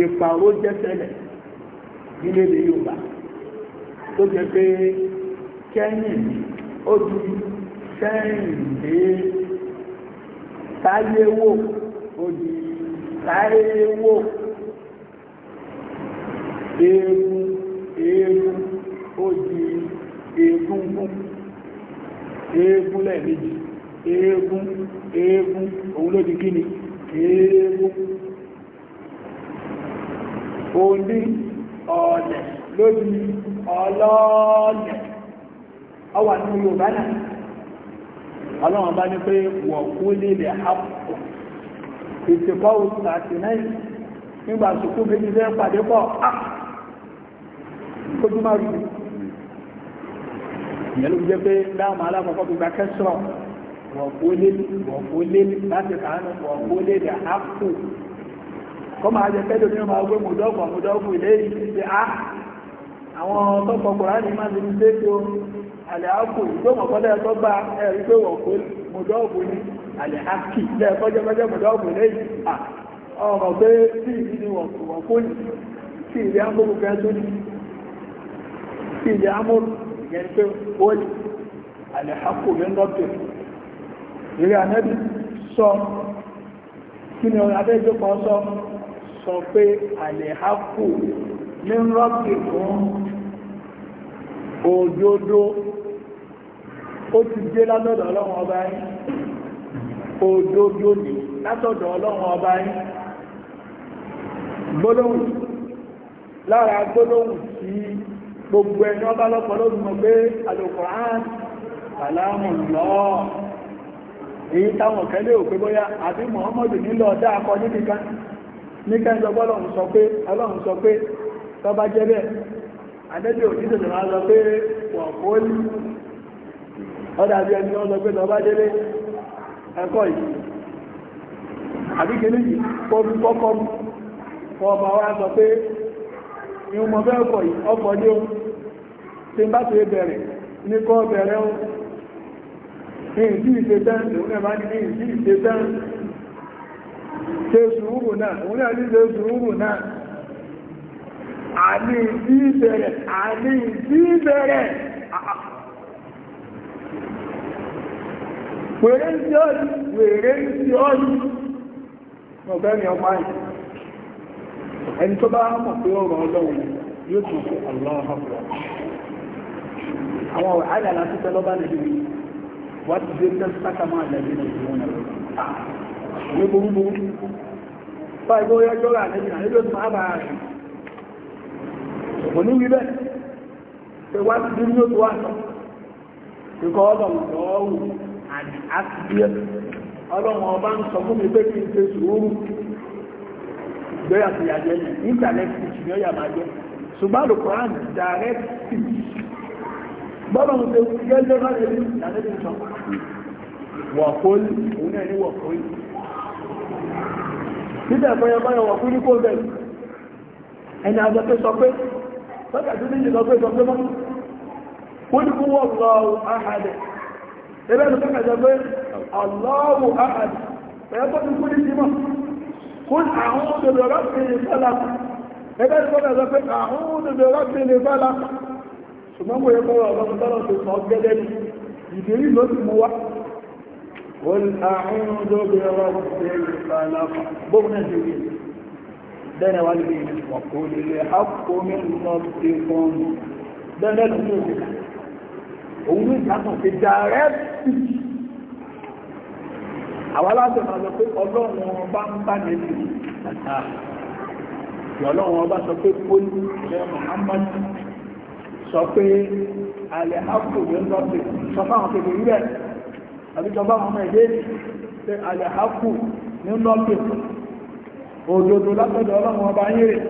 ìpàró jẹ́ ṣẹlẹ̀ nílé ní Yorùbá tó jẹ́ pé kẹ́yìn ó ju kẹ́yìn dé táyéwò ó di táyéwò eégún eégún ó di eégún gún eégún lẹ́ẹ̀mejì eégún eégún òun ló di kí ni eégún òní ọ̀ọ̀lẹ̀ lórí ọlọ́ọ̀lẹ̀ ọwà ní Yorùbá náà ọlọ́run bá ní pé wọ̀kú lílẹ̀ àpò ìtìkọ́ òsùn àti náà nígbà sùkú méjì fẹ́ pàdé pọ̀ á ah! kójú máa rí ìyẹn ló jẹ́ pé dáàmà alákọ̀ọ́kọ́ gbogbo akẹ́sọ̀rọ̀ wọ̀kú lílẹ̀ láti kọ́ máa jẹ pẹ́lú ah, ní ọmọ agbé mọ̀dọ́gbọ̀ mọ̀dọ́gbọ̀ ilé ìpínlẹ̀ a àwọn tọ́pọ̀ kòránì máa ti ní pé o àlẹ́hàkù ìgbọ́mọ̀kọ́lẹ̀ ẹ̀kọ́ bá ẹ̀rí pé wọ̀n kó mọ̀dọ́gbọ̀ ní àlẹ́hàkì lẹ́ẹ̀kọ́jẹ́kọ́jẹ́ mọ̀dọ́gbọ̀ ilé ìpínlẹ̀ ọmọ pé tí ìdí ni wọ̀n kó ní tí ìdí amóhùn kẹ́ tó ní tí ìdí amóhùn yẹn pé ó ní àlẹ́hàkù lẹ́ńdọ́tẹ̀ ìrẹ́ anẹ́bí sọ kí ni ọ̀rọ̀ abẹ́jọ́pọ̀ sọ sọ pé àlèhákù ní rọ́pì fún òdodo ó ti dé látọ̀dọ̀ ọlọ́run ọba látọ̀dọ̀ ọlọ́run ọba yín gbólóhùn lára sí gbogbo ẹni ọba lọ́pọ̀ mọ̀ pé Al-Qur'an kàlámù lọ èyí táwọn kẹlẹ́ àbí ọmọdé akọ ní kẹ́ńtọ́ bọ́lọ̀hún sọ pé ọlọ́hún sọ pé tọ́ba jẹ́ bẹ́ẹ̀ àdẹ́bí òní tètè máa sọ pé wọ̀ fóòlì ọdá bí ẹni wọ́n sọ pé tọ́ba jẹ́ bẹ́ẹ̀ ẹ̀kọ́ yìí àbí kìíní yìí kọ́bí kọ́kọ́ fọ́ ọmọ wa sọ pé ìhun ní o tí n bá ti bẹ̀rẹ̀ ní kọ́ bẹ̀rẹ̀ o ní ìdí ìṣe tẹ́ ṣe sùúrù náà òun náà ní ṣe sùúrù náà àní ìdí ìbẹ̀rẹ̀ Were ìdí ìbẹ̀rẹ̀ wèrè ń tí ọ́lù wèrè ń tí ọ́lù ọ̀bẹ́ni ọmọ ayì ẹni tó bá mọ̀ pé ọ̀rọ̀ ọlọ́run yóò tún sí aláhàbọ̀ àwọn àyàlá títẹ́ lọ́bá nìyí wọ́n ti dé tẹ́sí sákàmọ́ àjàgbé ní burúburú fà ìgbó rà lẹ́yìn àrílò tó máa bàá rẹ̀ òní wíbẹ̀ pé wá tó wá sọ ọlọ́run àti ọlọ́run ọba ń sọ títẹ̀ fún ẹgbẹ́ ẹwọ̀n kú ní kó bẹ̀ ẹni àjọ sọ pé sọ́kàtí ní ìjọ sọ pé mọ́ kú wọ́n lọ àhàdẹ̀ ẹgbẹ́ ẹni sọ́kàtí pé ọlọ́wù àhàdẹ̀ ẹ̀yẹ́ ndị ti kú ní àwọn òdòdó rọ́pìnì fẹ́lá قل أعوذ برب الفلق بغنا جديد دانا والبين وقل الحق من ربكم دانا الأمور òun ní ìdáhùn fi direct speech àwọn aláṣẹ máa sọ pé ọlọ́run ọba ń bá nẹ́bí tí ọlọ́run ọba sọ pé pólí ilẹ̀ Muhammad sọ pé alẹ́ hapò ló ń lọ sí sọ fáwọn kékeré rẹ̀ àbíjọba ọmọ ẹ̀dẹ́ ṣe àlẹ́hàkù ní lọ́pẹ̀ òjòjò látọ̀dọ̀ ọlọ́run ọba yìí rẹ̀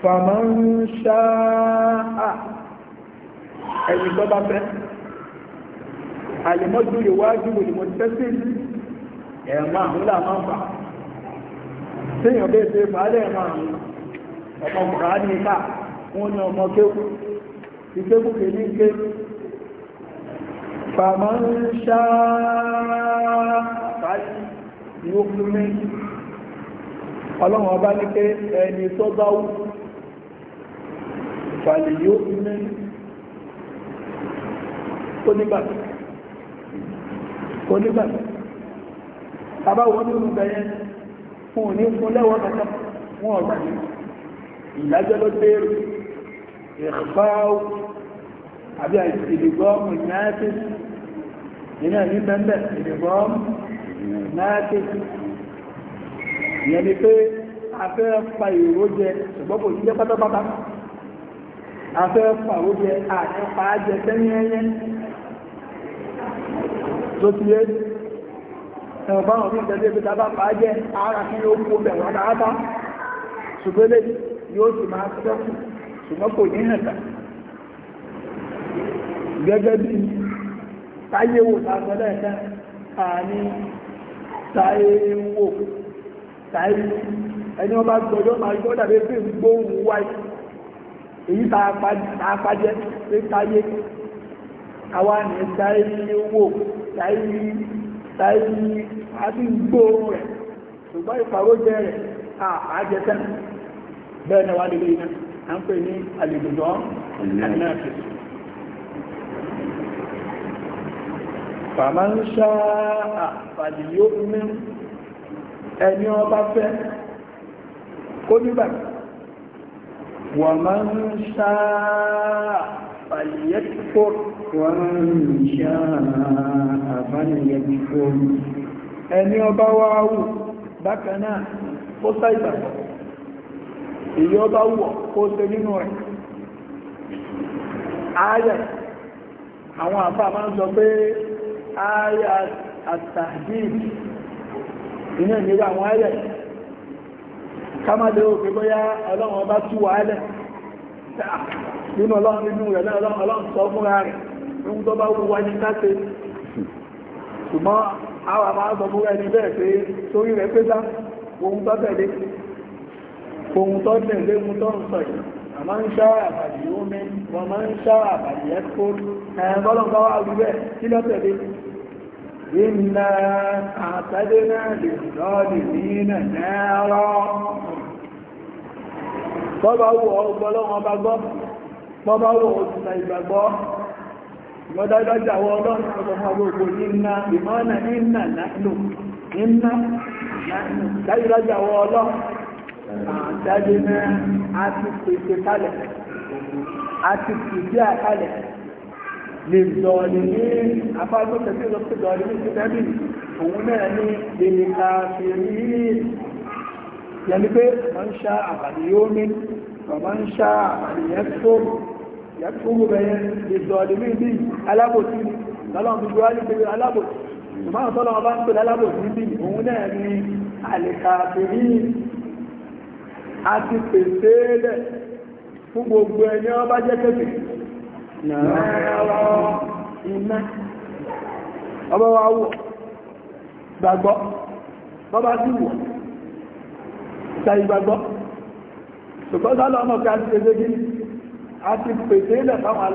fàmọ́nṣáà ẹ̀yìn tó bá fẹ́ àlèmọ́jú ìwájú olùmọ̀ tẹ́sí ẹ̀mà ńlá máa ń fà tíyàn bẹ́ẹ̀ fẹ́ fàálẹ̀ ẹ̀mà ọmọ kùránì ká wọ́n ní ọmọ kéwù ìgbébùkè ní ké fàmọ́ ń ṣáà ní ó fún mí ọlọ́run ọba ní pé ẹni tó bá wù fàlè yóò fún mí ó nígbàtí ó nígbàtí àbáwọn nínú bẹ̀yẹn fún òní fún lẹ́wọ̀n kẹta wọn ọ̀gbà ìdájọ́ ló dé rí ìfáwù àbí ìdìgbọ́mù náàtìs nínú ní bẹ́ẹ̀ ìdìgbọ́mù náàtìs ìyẹn ni pé afẹ́ pa ìró jẹ ṣùgbọ́n kò ní jẹ́ pátápátá afẹ́ pa ìró jẹ àti pa á jẹ sẹ́yìn ẹyẹ tó ti yé ẹ̀rọ báwọn ní ìtẹ́lẹ̀ ibi tá bá pa jẹ ara kí ló kó bẹ̀rù ṣùgbọ́n kò ní hàn tà gẹ́gẹ́ bí táyéwò tàbílẹ̀ ẹ̀kẹ́ àní táyéwò táyé ẹni ọba gbọ́dọ̀ máa gbọ́ dàbí pé gbóhùn wáyé èyí tààpájẹ́ pé táyé àwa ní táyéwò táyé táyé àti gbóhùn rẹ̀ ṣùgbọ́n ìpàrójẹ rẹ̀ àjẹsẹ́ bẹ́ẹ̀ à ń pè ní àlèdùdọ́ ànáàfẹ́ fàmà ń ṣá àfàdì yóò mú ẹni ọba fẹ́ kó nígbà wọ́n máa ń ṣá àfàlìyẹ́kìfọ́ wọ́n ń ṣá àfàlìyẹ́kìfọ́ ẹni ọba wáwù bákanáà ó sá ìgbàgbọ́ èyí ọba wọ̀ kó ṣe nínú rẹ̀ ayà àwọn àfà máa ń sọ pé ayà àtàdìd inú ìnira àwọn ayà kámàdé òkè bóyá ọlọ́run ọba tú wà álẹ̀ nínú ọlọ́run nínú rẹ̀ náà ọlọ́run sọ fúnra rẹ̀ ohun tó bá wù wá ní káṣe ṣùgbọ́n àwọn àmà sọ fúnra ẹni bẹ́ẹ̀ pé torí rẹ̀ pé ohun tó tẹ̀lé ohun tó ń sọ yìí a máa ń ṣá àbàdì omi wọn máa ń ṣá àbàdì ẹ̀kọ́ ẹ̀yìn bọ́lọ́gbà kí tẹ̀lé náà lè ní nàìjíríà wọ ọlọ́run wọ ọlọ́run àjáde náà á ti pèsè kalẹ̀ á ti pèsè àkalẹ̀ lè dọ̀ọ̀lì ní afágbóṣe tí ó lọ sí dọ̀ọ̀lì ní sinẹ́mì òun náà ní lèmi ka fi rí yẹni pé wọ́n ń ṣá àbàlì yóò ní wọ́n ń ṣá àbàlì yẹn tó yẹn tó gbogbo yẹn lè dọ̀ọ̀lì ní bí alábòsí ni gbogbo wá pé alábòsí ìmọ̀ àtọ́lọ́run bá ń pè lálábòsí bí òun náà ní àlèkà àbẹ̀rí àti pèsè lẹ̀ fún gbogbo ẹni ọba jẹ́ kẹfẹ́ iná ọba wa wọ̀ gbàgbọ́ bọ́bá sí wọ̀ ṣàì gbàgbọ́ ṣùgbọ́n sálọ ọmọ kí a ti pèsè gíní a ti pèsè lẹ̀ fáwọn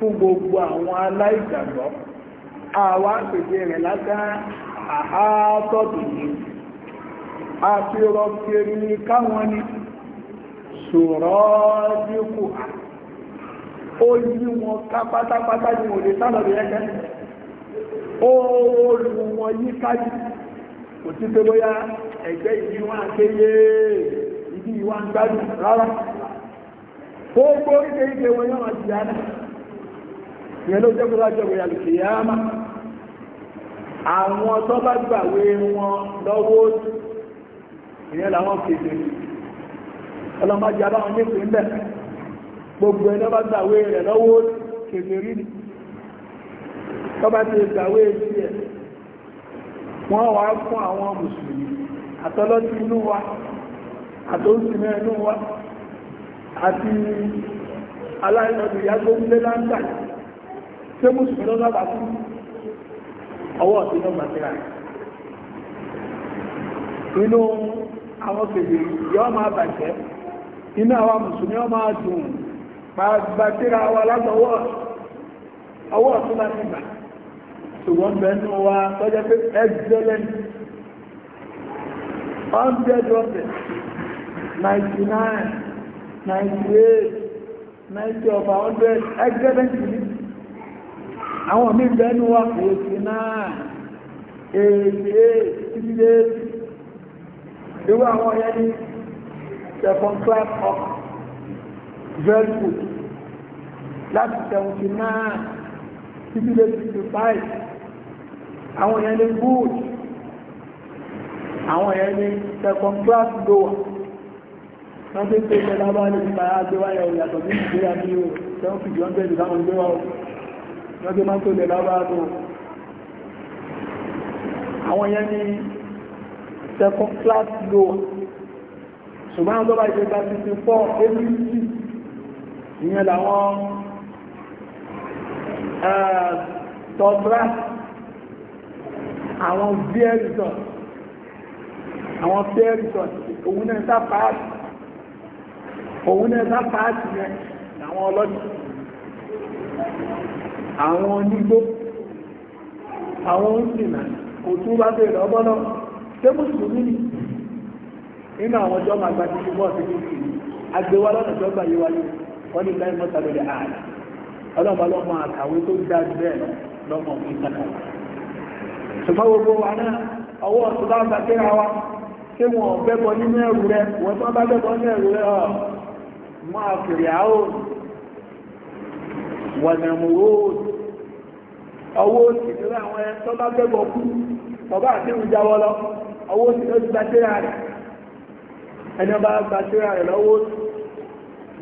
fún gbogbo àwọn aláìgbàgbọ́ àwa pèsè rẹ̀ lásán àhátọ́tù ni àfihàn kiri káwọn ni sọ̀rọ̀ díkù ó yí wọn pátápátá ẹgbẹ́ ó lù wọn yí kájú kò sí pé bóyá ẹgbẹ́ ìdí wọn ìdí ìwà rárá gbogbo wọn ìyẹn ló jẹ́gbẹ́ lájọ́ ìwé alùkìyàmà àwọn tó bá gbàwé wọn lọ́wọ́ ìyẹn làwọn kèfè ọlọ́mọdé abáwọn nípìn bẹ̀ gbogbo ẹni bá gbàwé rẹ̀ lọ́wọ́ kèfè rí ni tó bá ti gbàwé sí ẹ̀ wọ́n wá fún àwọn mùsùlùmí àtọlọ́tí inú wa àtọ́sìnmẹ́ inú wa àti aláìlọ́dù ìyá gbóngúlé láńtàkì ṣé mùsùlùmí lọ́nà bá kú ọwọ́ ọ̀sẹ̀ náà máa tẹ́ra inú àwọn kèdè yọ́ máa bàjẹ́ inú àwọn mùsùlùmí ọ máa dùn bá tẹ́ra wa látọwọ́ ọwọ́ ọ̀sẹ̀ náà ti gbà ṣùgbọ́n bẹ̀ẹ́nu wa tọ́jẹ́ pé excellent hundred hundred ninety nine ninety eight ninety àwọn mí bẹ́nu wà èsì náà èsì ìdílé ìwé àwọn yẹn ní second class of very good láti seventy nine títí lé fifty five àwọn yẹn ní good àwọn yẹn ní second class lower wọ́n ti ń pè é pẹ̀lú abáwọn ilé ìpàdé wáyé ọ̀yàtọ̀ ní ìgbéyàwó seventy hundred ìdáwọn ìgbéyàwó lọ́jọ́ máa ń tó lè lábáàdù àwọn yẹn ni second class low ṣùgbọ́n tó bá ṣe gba 64 abc ìyẹn làwọn tọ́gbà àwọn fair resort àwọn fair resort òun náà sá pàásì òun náà sá pàásì yẹn làwọn ọlọ́dún àwọn onígbó àwọn oúnjìnà kò tún bá bèèrè ọgbọ́nà tí mùsùlùmí ni nínú àwọn ọjọ́ máa gba títí bọ́ sí títí agbéwá lọ́nà tó gbà yíwá yìí wọ́n ní láì mọ́ta lórí ààrẹ ọlọ́mọ ọlọ́mọ àkàwé tó dá bẹ́ẹ̀ lọ́mọ mi kàkà ṣùgbọ́n gbogbo wa náà ọwọ́ ọ̀tún bá gba kéra wa tí wọn ò bẹ́bọ nínú ẹrù rẹ wọ́n tó bá bẹ́bọ nínú ẹrù rẹ ọ̀ máa fìrì àó wọ̀nàmùrò ọwọ́ òsì ní àwọn ẹni tó bá kẹ́kọ̀ọ́ kú bàbá àti ìjáwọ́ lọ ọwọ́ òsì ló ti gba síra rẹ̀ ẹni ọba gba síra rẹ̀ lọ́wọ́ òsì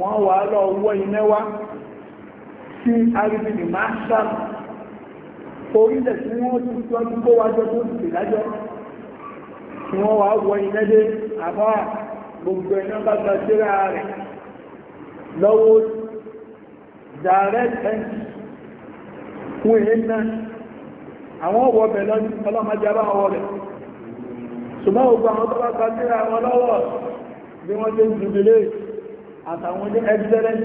wọ́n wà á lọ wọ́ iná wá sí arìbìnì máa sáàmù orílẹ̀ tí wọ́n tún tí wọ́n tún kó wájọ́ tó ti pè lájọ́ tí wọ́n wà á wọ iná dé àbá gbogbo ẹni ọba gba síra rẹ̀ lọ́wọ́ òsì direct entry wọ́n èyí náà àwọn ọwọ́ ọbẹ̀ lọ́dún ọlọ́mọdé abáwọ̀ rẹ̀ ṣùgbọ́n ogun àwọn tọ́lá pàtíra wọn lọ́wọ́ bí wọ́n tó ń jubilé àtàwọn ní excellent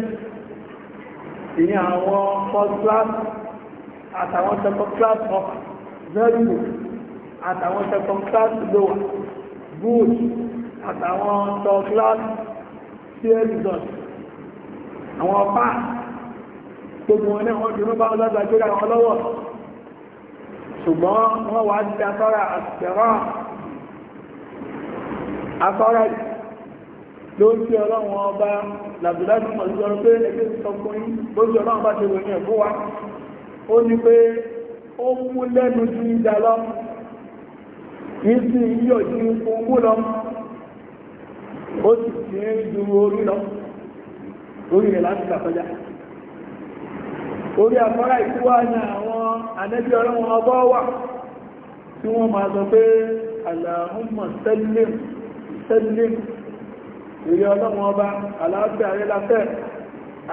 ìní àwọn first class àtàwọn second class of very good àtàwọn second class lower good àtàwọn third class tier result àwọn pass gbogbo wọn náà wọ́n dúró bá ọlọ́gbà tó ra wọn lọ́wọ́ ṣùgbọ́n wọ́n wá ti afárá àtẹ̀rọ afárá ló ń tí ọlọ́run ọba làbùdájú mọ̀lúgbọ́n pé ẹgbẹ́ ìsọkùnrin lójú ọlọ́run bá ti ròyìn ẹ̀fún wa ó ní pé ó mú lẹ́nu ju ìjà lọ yìí sí yíyọ̀ ju owó lọ ó sì ti ń ju orí lọ orí rẹ̀ láti gbà kọjá orí afárá ìkúwà ní àwọn anẹ́bí ọlọ́run ọgbọ́ wà tí wọ́n máa sọ pé Allahumma sallim sallim ìrí ọlọ́run ọba aláàbẹ̀ àrẹ láfẹ́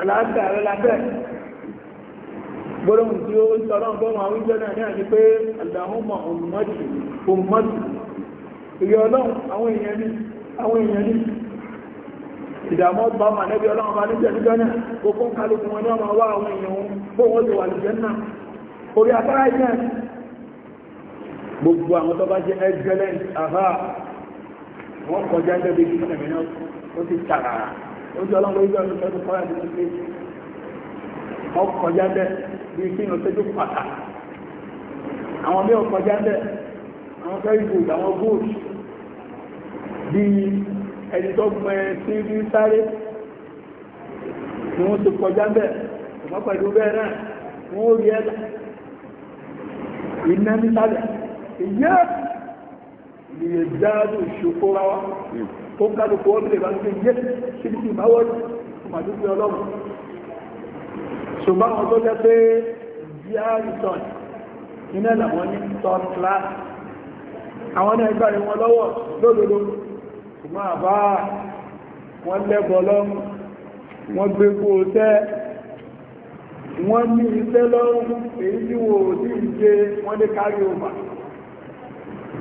aláàbẹ̀ àrẹ láfẹ́ gbọ́dọ̀ tí ó ń sọ̀rọ̀ ọgbọ́n àwọn ìjọ náà ìdààmú ọgbà ọmọ ànẹ́bí ọlọ́run bá níjẹ̀ ní gánà gbogbo ń kálukú wọn ní ọmọ wá àwọn èèyàn ohun bó wọ́n ti wà ní jẹ́ náà orí afárá yìí náà gbogbo àwọn tó bá jẹ́ excellent àhá wọ́n kọjá ń dẹ́bi ìgbìmọ̀ ẹ̀mí náà ó ti tààrà ó ti ọlọ́run lórí ọdún tẹ́lú kọ́ra ní ilé kọjá ń dẹ́ bí kí ni ọtẹ́jú pàtà àwọn mí ò kọjá ń dẹ́ àwọn fẹ́ẹ́ ẹni tó mọ ẹtí rí sáré ni wọ́n ti kọjá bẹ́ẹ̀ wọ́n pẹ̀lú bẹ́ẹ̀ náà wọ́n rí ẹ̀dà iná ní sálẹ̀ ìyá ìyẹ̀ dáadù ṣokóra wa tó kálùkù ọdún ìbá ti yẹ síbi tí ìbáwọ́ màdúgbé ọlọ́run ṣùgbọ́n àwọn tó jẹ́ pé díárì tọ́ni iná làwọn ní ṣùgbọ́n àbá wọ́n lẹ́bọ̀ lọ́rùn wọ́n gbé kó tẹ́ wọ́n ní iṣẹ́ lọ́rùn èyí tí wo ní ìgbé wọ́n lé kárí ọba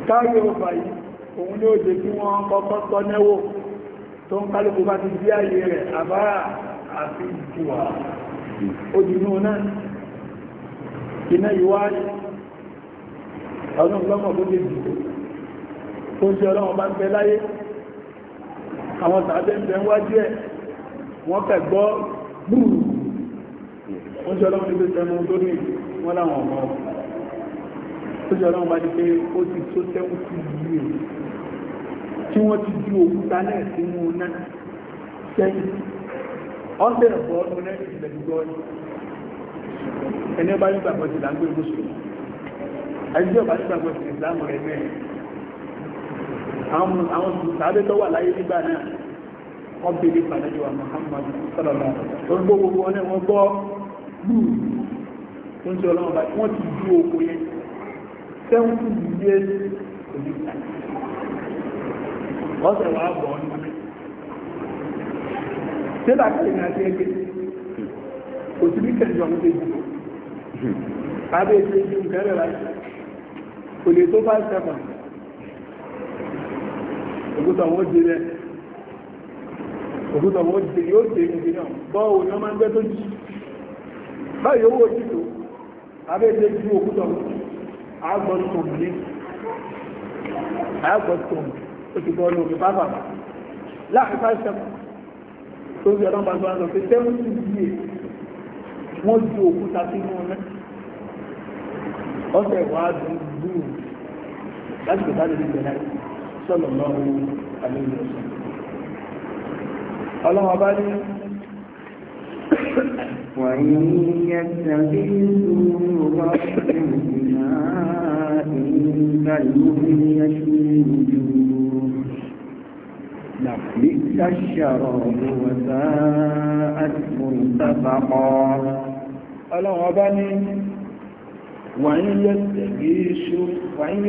kárí ọba yìí òun ní òjò tí wọ́n kọ́kọ́ tọ́ nẹ́wò tó ń kálùkù bá ti bí ààyè rẹ̀ àbára àti ìjùwà àwọn tàbí ń bẹ wájú ẹ̀ wọ́n kẹ̀ gbọ́ gbùrù wọ́n jọ lọ́wọ́ níbi tẹnu tó ní wọ́n láwọn ọmọ tó jọ lọ́wọ́ bá di pé ó ti tó tẹ́wọ́ sí ìlú rẹ̀ tí wọ́n ti ju òkúta náà sínú náà sẹ́yìn ọ́sẹ̀ ẹ̀fọ́ ọdún náà ìṣẹ̀lẹ̀ gbígbọ́ ẹni ọba nígbàgbọ́ ti là ń gbé gbóṣù ẹni tí ọba nígbàgbọ́ ti ìsìlámù rẹ̀ àwọn sàábé tó wà láyé nígbà náà wọ́n bèèrè pàdájọ́ wa Muhammad sọ́lọ́lá orúgbó gbogbo wọn wọ́n gbọ́ gbùrù tó ń ṣe ọlọ́run bá wọ́n ti ju oko yẹn seventy years òní ọ̀sẹ̀ wà á bọ̀ ọ́nà ṣé làkàlẹ̀ ní àti ẹgbẹ́ ògútọ̀ wọ́n jẹ́ rẹ̀ ògútọ̀ wọ́n jẹ́ yóò jẹ́ ìgbẹ̀ náà bọ́ọ̀wò ni wọ́n máa ń gbẹ́ tó jì báyìí owó ojú tó abẹ́ẹ̀dẹ́ ju ògútọ̀ àgbọ̀tùn ní àgbọ̀tùn ó ti bọ́ọ̀lù òkè pápá láàrín five seconds tó ń bí ọlọ́run bá gbọ́n lọ pé seventy years wọ́n ju òkúta sínú ọ̀nà ọ̀sẹ̀ wàá dùn dùn láti kò sáré nígbẹ̀ láì صلى الله عليه وسلم الله بالي وإن يستغيثوا يغفر بماء كالمهل يشوي الوجوه بئس الشراب وساءت مرتفقا الله بالي وإن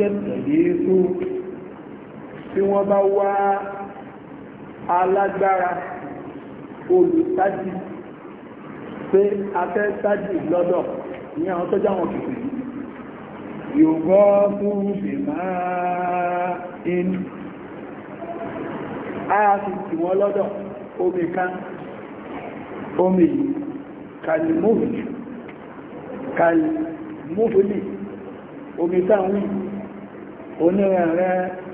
يستغيثوا tí wọ́n bá wá alágbára olùtájì pé afẹ́ tájì lọ́dọ̀ ní àwọn tó jáwọn kìtì yògọ́ fún bèmá inú a ti tì wọ́n lọ́dọ̀ omi kan omi yìí kalimóhùn kalimóhùn omi táwọn onírẹ̀rẹ̀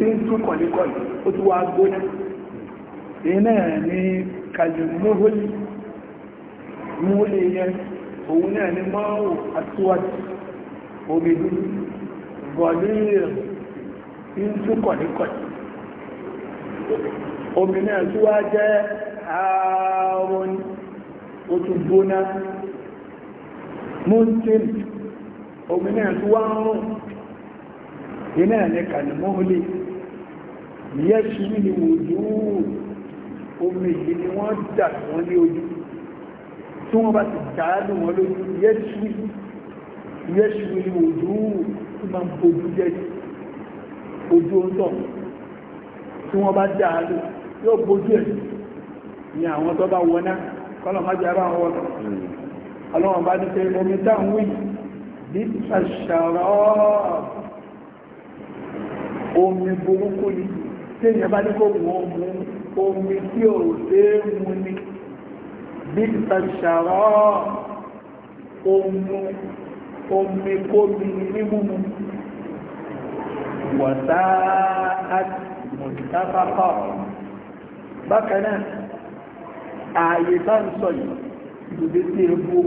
tí ń tún kọ̀líkọ̀lì ó ti wá gbóná iná ní kàlùmúhólì múlé yẹn òun náà ní mọ́rùn àtúwàtí omi dúdú tí ń tún kọ̀líkọ̀lì omi náà tí wá jẹ́ ààrùn ó tún gbóná múntín omi náà tí yẹ́ṣù ní ojú omi yìí ni wọ́n dà wọ́n ní ojú tí wọ́n bá ti dáadù wọ́n lójú yẹ́ṣù yẹ́ṣù ní ojú tí ma ń bojú jẹ́ ojú ọ̀tọ̀ tí wọ́n bá dáadù yóò bojú ẹ̀ ni àwọn tó bá wọná kọ́lọ̀ má jẹ́ bá wọn ọlọ́wọ́n bá ní pé omi táwọn bí ìṣàṣàrọ̀ omi burúkú yìí téèyàn bá ní kó wọ́n mú omi tí ò dé mú ni bí ìtàṣàrọ́ omi omi kómi ní múmu wọ̀tá àti mọ̀tàfàkọ̀ bákan náà ààyè bá ń sọ yìí ìdòdó tí egbò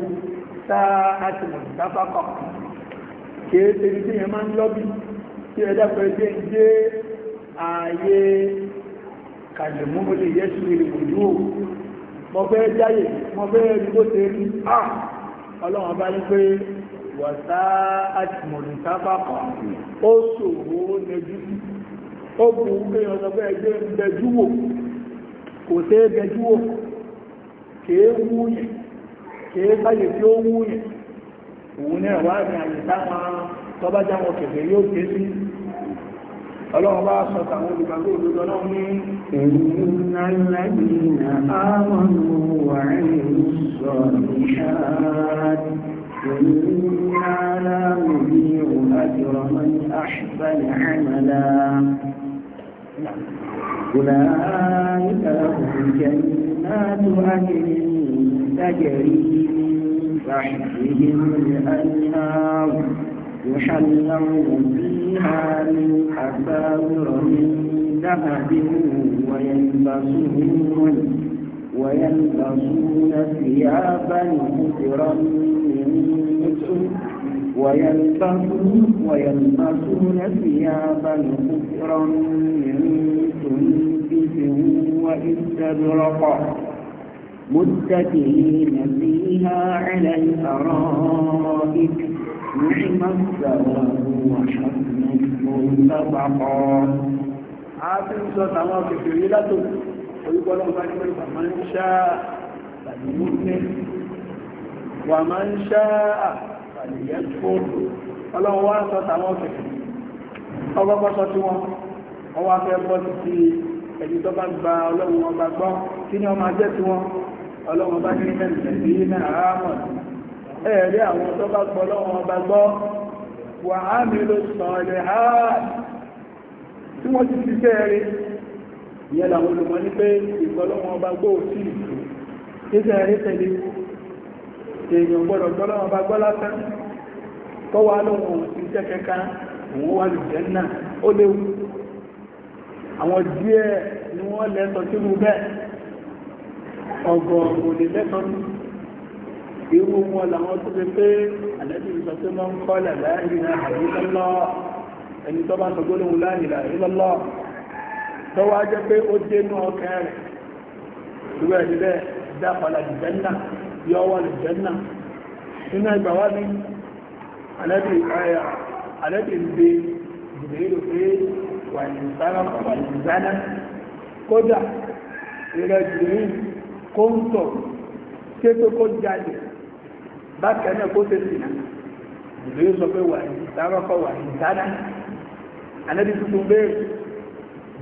sáà àti mọ̀tàfàkọ̀ kìí ṣe tí èèyàn máa ń lọ́bí tí ẹ̀dá pẹ̀lú ààyè kàlùmúlì yẹ́sùlì ìlú mọ́ fẹ́ jáyè mọ́ fẹ́ rí bó ṣe rí à ọlọ́run bá ní pé wọ̀sá àtìmọ̀lù sábàkọ̀ ó ṣòwò nẹjú ó bú pé ọ̀sọ̀fẹ́ ẹgbẹ́ bẹjúwò kò tẹ́ bẹjúwò kèé wúyẹ̀ kèé báyẹ̀ tí ó wúyẹ̀ òun náà wá ní àyè táwọn tọ́bájáwọn kẹfẹ́ yóò gé sí ọlọ́run bá sọ tàwọn olùgbàgbọ́ òdodo ọlọ́run ní ẹ̀yìn alẹ́bìnà àmọ́nù wà ní sọ ìṣáàdì ẹ̀yìn aláàmì òun àjọ̀rọ̀mọ́ ní àṣìbálẹ̀ àmàlà أولئك لهم جنات عدن تجري من تحتهم الأنهار يحلون فيها من أساور من ذهب ويلبسون ويلبسون ثيابا خضرا من سندس ويلبسون ويلبسون ثيابا خضرا من سندس واستبرق متكئين فيها على الأرائك نعم الثواب وحسن مرتفقا àti ń sọ tàwọn òkèkèrè yí látò orúkọlọ́ bá ní pẹ̀lú àmà ń ṣáà tàbí múlẹ̀ wà má ń ṣáà tàbí yẹ́tùfóòdù ọlọ́run wá sọ tàwọn òkèkèrè ọgbọ́gbọ́ sọ tí wọ́n wọ́n wá fẹ́ bọ́ títí ẹni tó bá gba ọlọ́run ọba gbọ́ kí ni ọmọ ajẹ́ tí wọ́n ọlọ́run bá ní ẹ̀ẹ́dẹ̀ẹ́dẹ́ náà ẹ̀rí àwọn tó bá gbọ́ lọ́wọ́ ọba gbọ́ wà á mi ló sọ̀rẹ̀ ha tí wọ́n ti fi fẹ́ẹ̀rí ìyẹn làwọn olùmọ̀ ní pé ìgbọ́lọ́wọ́ ọba gbọ́ òtí ìtù títẹ̀ rí irú wọn làwọn tó fi pé àlẹ́bí sọ pé máa ń kọ́lẹ̀ láàrin àìlọ́lọ́ ẹni tó bá sọ gbólóhùn láàrin àìlọ́lọ́ tó wá jẹ́ pé ó dénú ọkẹ́ rẹ̀ ìwé ẹni bẹ́ẹ̀ dápàlà ìjẹ́nà yọ wà lè jẹ́nà nínú ìgbà wá ní àlẹ́bí ìkáyà àlẹ́bí ń gbé ìgbèrú pé wà ní sára wà ní sáná kódà ìrẹ́ ìgbèrú kóńtọ̀ kéto kó jáde bákan náà kó ṣe sìnà ìlú yóò sọ pé wà ìtàrọ́kọ̀ wà ìtàdá anẹ́bí tuntun bẹ́ẹ̀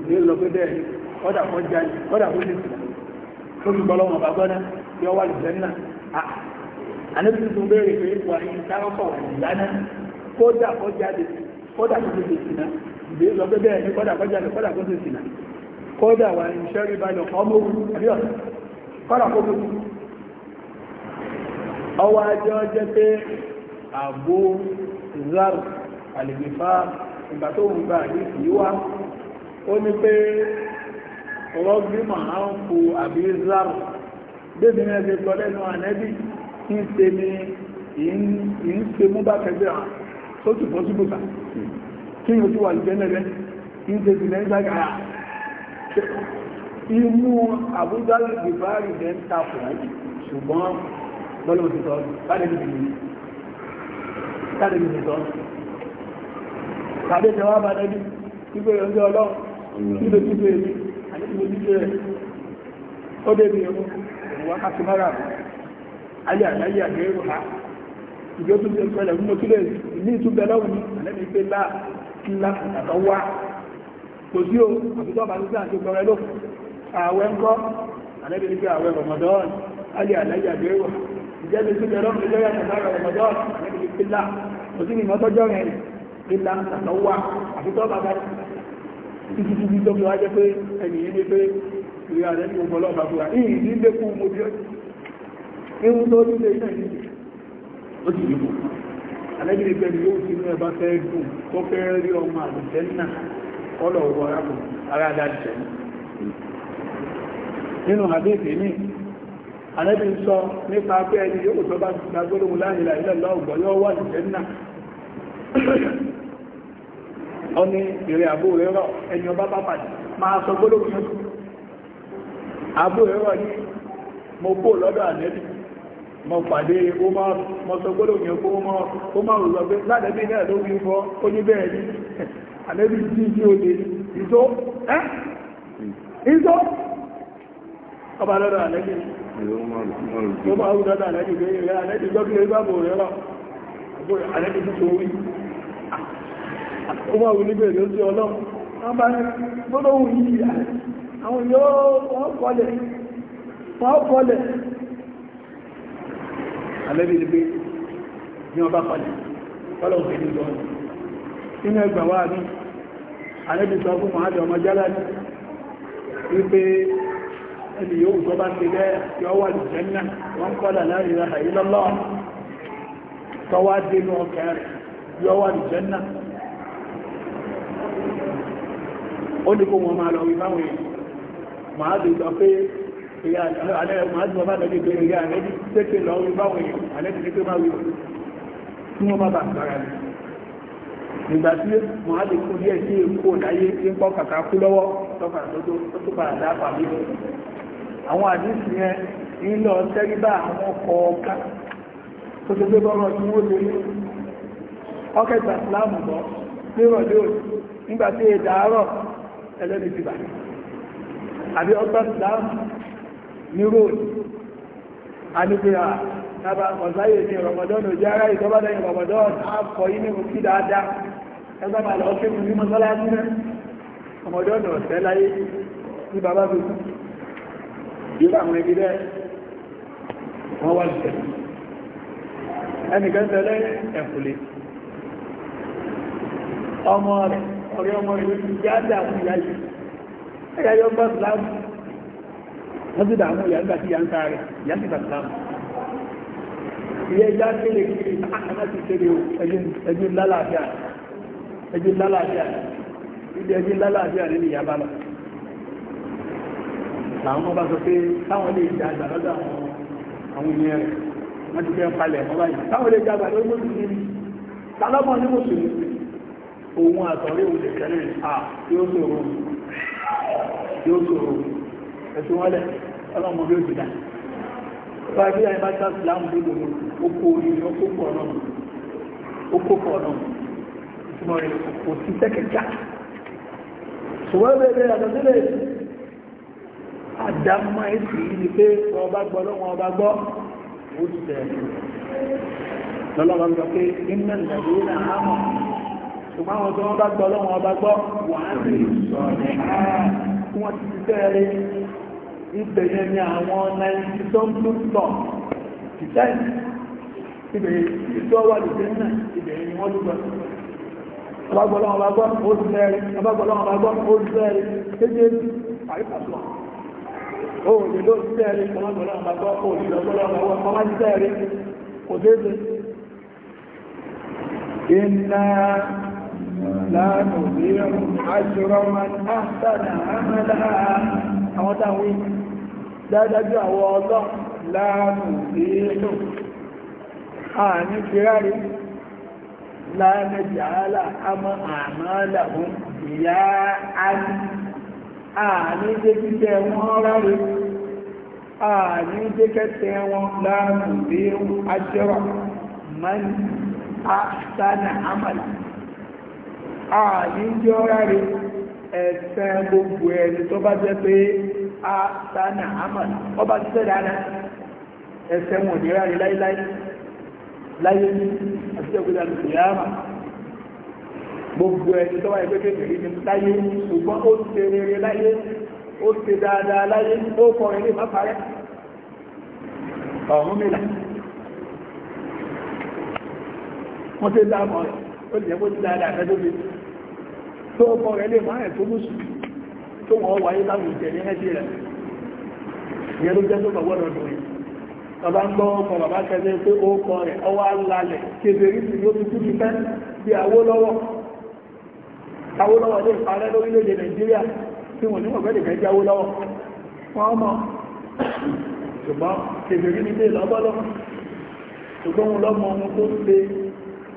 ìlú yóò sọ pé bẹ́ẹ̀ kọ́dà kọ́ jáde kọ́dà kó ṣe sìnà tó fi bọ́lọ́mọ̀ bá gbọ́dá tí ó wà lùfẹ́ náà anẹ́bí tuntun bẹ́ẹ̀ pé wà ìtàrọ́kọ̀ wà ìtàdá kọ́dà kọ́ jáde kọ́dà kó ṣe sìnà ìlú yóò sọ pé bẹ́ẹ̀ ni kọ́dà kọ́ jáde kọ́dà kó ṣe sìnà kọ́dà wà ìṣẹ́rí balẹ̀ ọmọ òru àbíọ̀ kọ́dà kó ṣe sìnà ọwọ́ ajọ́ jẹ́ pé àbú zar alìgbèfà ìgbà tó ń gba àdìsí wá ó ní pé rọ́gbìmọ̀ á ń fò àbí zar bébí náà ṣe sọ lẹ́nu ànẹ́bí ń ṣe ní ìyí ń ṣe mú bá kẹgbẹ́ àwọn tó tù fún síbùkà kí yóò tí wà lè jẹ́lẹ̀rẹ́ ń ṣe sì lẹ́yìn sáàkàrà imú àbúzálẹ̀ ìbáàrí rẹ̀ ń tapọ̀ ṣùgbọ́n bọ́lá òsì sọ báyìí níbi yìí sáré níbi sọ tàbí tẹwàá bá dẹ́bí gbígbé ọjọ́ ọlọ́run níbi gbígbé èmi àti níbi gbígbé rẹ̀ ó débi ẹ̀mú ìwà kásùmárà ayé àdáyé àgbérò ha ìjọ tún ṣe pẹlẹ fún mọtúlẹ ní ìtúbẹ lọ́wọ́ ní àlẹbí pé láà ńlá àtàwá kò sí o àbúkọ bá lóṣù àti ìgbọrẹ lókun ààwẹ̀ ńkọ́ àlẹbí ní pé ààwẹ̀ rọmọdọ́ọ̀nì ayé àdáyé àgbérò ha jẹ́bi sí ẹ̀rọ ìjọ yàtọ̀ sára ọ̀mọ̀dọ́ níbi ìpìlá kò sí ìmọ̀ tọ́jọ́ rẹ̀ ìlà àtọ̀wà àfitọ́ bàbá títí títí tó fi wájẹ́ pé ẹni ilé pé ìrìn àrẹ ní gbogbo ọlọ́ọ̀bà fúra ìyìn ní ilé kú mo jẹ́ ihun tó nílé iṣẹ́ ìlú ó ti yípo alẹ́gbẹ̀rẹ̀ pẹ̀lú yóò ti ní ẹbá fẹ́ dùn tó fẹ́ rí ọmọ àlùjẹ́ náà ọlọ́ọ̀wọ̀ ànábì ń nípa pé ẹni yóò tó bá gbàgbólóhùn láàrínlá ilẹ̀ ọgbọ̀ yóò wà ní jẹ́nà ọ ní ìrìn àbú rẹ̀ rọ̀ ẹni ọba bá pàdé máa sọ gbólóhùn yóò àbú rẹ̀ rọ̀ ní mo kó lọ́dọ̀ ànábì mo pàdé mo sọ gbólóhùn yóò kó mọ́ rùrọ̀ pé ládẹ́bí náà ló wí fọ́ ọba lọ́dọ̀ àlẹ́bí ó máa rú lọ́dọ̀ àlẹ́bí pé ìrẹ́ àlẹ́bí lọ́kílẹ̀ ìbábò rẹ̀ rọ̀ àlẹ́bí tó tó wí ó máa rú níbẹ̀ ló sí ọlọ́run wọ́n bá gbọ́dọ̀ wù yí àwọn yóò wọ́n kọlẹ̀ wọ́n kọlẹ̀ àlẹ́bí ni pé ní ọba kọlẹ̀ ọlọ́run pẹ̀lú lọ́run nínú ẹgbàwá mi àlẹ́bí ẹni yóò tó bá ti rẹ̀ yọ wà ní jẹ́nà wọ́n kọ́lá láàrin rẹ̀ àìlọ́lọ́ tọwá dínú ọkẹ̀ rẹ̀ yọ wà ní jẹ́nà ó ní kó wọn máa lọ wípáwọn èèyàn máa dùn sọ pé máa dùn tí wọ́n má bà kú díẹ̀ sí èkó láyé ń pọ́ kàkà lọ́wọ́ tọ́kà tó tó padà dá àwọn àdísì yẹn nílọ tẹ́ríbà àwọn ọkọ̀ ọ̀ká tó tó gbé bọ́rọ̀ tí wọ́n lè ní ọkẹta islam bọ́ nírọ̀lẹ́ òní nígbàtí ìdáárọ̀ ẹlẹ́ni ti bà àbí ọgbà islam ní róòdì anúgbéra tábà ọ̀sáyè ní rọmọdọ́nù jẹ́ ara ìjọba lẹ́yìn rọmọdọ́nù àkọ́ yí ní òkú dáadáa ẹgbẹ́ màlọ́ kí mú ní mọ́sálásí náà rọmọdọ́nù ọ̀sẹ̀ láyé ní bàbá mi irú àwọn ẹbí rẹ̀ wọ́n wà jẹ́ ẹnìkan tẹ́lẹ̀ ẹ̀kùlé ọmọ rẹ̀ ọ̀rẹ́ ọmọ rẹ̀ lórí jáde àwọn ìyá yìí ẹ̀yà yọ bá sùlámù wọ́n ti dààmú ìyá nígbà tí ìyá ń ta rẹ̀ ìyá ti bà sùlámù ìyẹ́ ìyá ẹjú ah, lálàáfíà ẹjú lálàáfíà lọ làwọn ọba sọ pé táwọn lè jẹ àgbà lọ́dọ̀ àwọn ènìyàn rẹ̀ wọ́n ti fẹ́ palẹ̀ ọba yìí táwọn lè jẹ àgbà lọ́dọ̀ mùsùlùmí tálọ́mọ ní mùsùlùmí òun àtọ̀rí òun lè kẹ́lẹ̀ à yóò ṣòro yóò ṣòro ẹ̀sùn wọlé ọlọ́mọ bí ó ti dá ọba bí i bá sá ìsìlámù lódò oko oyin oko pọ̀ náà oko pọ̀ náà ìtumọ̀ rẹ̀ kò sí sẹ́kẹ̀kẹ́ àdámọ́ èsì yìí ni pé ọba gbọ́ lọ́wọ́ ọba gbọ́ ó ti tẹ̀ lọ́lọ́wọ́ sọ pé iná ìdàgbé náà á mọ̀ ṣùgbọ́n àwọn tó wọ́n bá gbọ́ lọ́wọ́ ọba gbọ́ wọ́n á lè sọ ní wọ́n ti tẹ́rẹ ibẹ̀ yẹn ni àwọn 90 something stop design ibẹ̀ ìjọ wà lùdẹ́ náà ó ti tẹ́rẹ ọba gbọ́ ó ti tẹ́rẹ kéjì àríkàtúwà o lè ló jíṣẹ́ rẹ̀ kọmọ́gbọ́nà na òun lè lọ́gbọ́nà àgbàgbọ́ kọmọ́ jíṣẹ́ dị. kò déédé iná láàánú ní àjọrọ máa ń tààtà àní jẹ́ jíjẹ wọn ráre àní jẹ́ kẹsẹ̀ wọn láàrùn bí ajẹ́rọ̀ mọ́ni àṣánà àmàlà àní jẹ́ ráre ẹ̀sẹ̀ gbogbo ẹni tó bá jẹ́ pé àṣánà ọba jíjẹ́ dáadáa ẹ̀sẹ̀ wọn ò ní ráre láyé ní àti gbogbo ẹni tó wáyé pépé kèrè ní láyé ṣùgbọ́n ó ṣe rere láyé ó ṣe dáadáa láyé ó kọrin lè má parẹ́ ọ̀run mìlá wọ́n tẹ́ láàmọ́ rẹ̀ ó lè jẹ́kó dáadáa fẹ́ tó tó kọrin lè má ẹ̀ tó mùsù tó wọ́n wáyé láwùn jẹ́ ní ẹ́sì rẹ̀ ìyẹn ló jẹ́ tó bàbọ́ lọ dùn bàbá ń gbọ́ ọkọ̀ bàbá kẹsẹ̀ pé ó kọ rẹ̀ ọwọ́ alalẹ̀ kébèrè sí ló fi kú ti fẹ́ bí àwó lọ́wọ́ káwó lọ́wọ́ lè parẹ́ lórílẹ̀-èdè Nàìjíríà tí wọ́n níwọ̀n bẹ́ẹ̀ nìkan jáwó lọ́wọ́ wọ́n mọ̀ ṣùgbọ́n kèfèrí nílé lọ́bọ́lọ́mọ́ ṣùgbọ́n wọn lọ́mọ ohun tó ṣe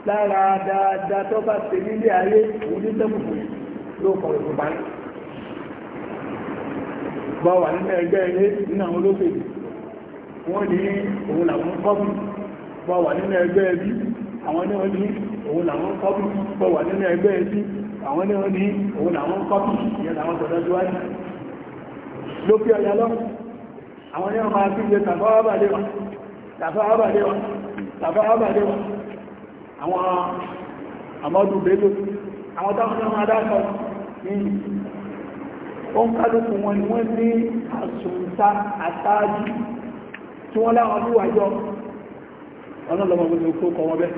lára dáadáa tó bá ṣe nílé ayé òun ní sẹ́kùnkù ló kọ̀ ìgbà yìí bá wà nínú ẹgbẹ́ ilé nínú àwọn olóṣèlú wọ́n ní òun àwọn ní wọ́n ní òun àwọn kọ́pì ìyẹn àwọn tọ̀dọ̀ tó wáyé ló pí ọya lọ àwọn ní ọmọ àti ilé tàbáwábàdéwà tàbáwábàdéwà àwọn àmọ́dù bello àwọn táwọn ọmọ adákọ̀ ní òun kálùkù wọn ni wọ́n ní àsùnta àtàájú tí wọ́n láwọn bí wájọ́ ọlọ́lọ́mọ gbogbo kó kọ wọn bẹ́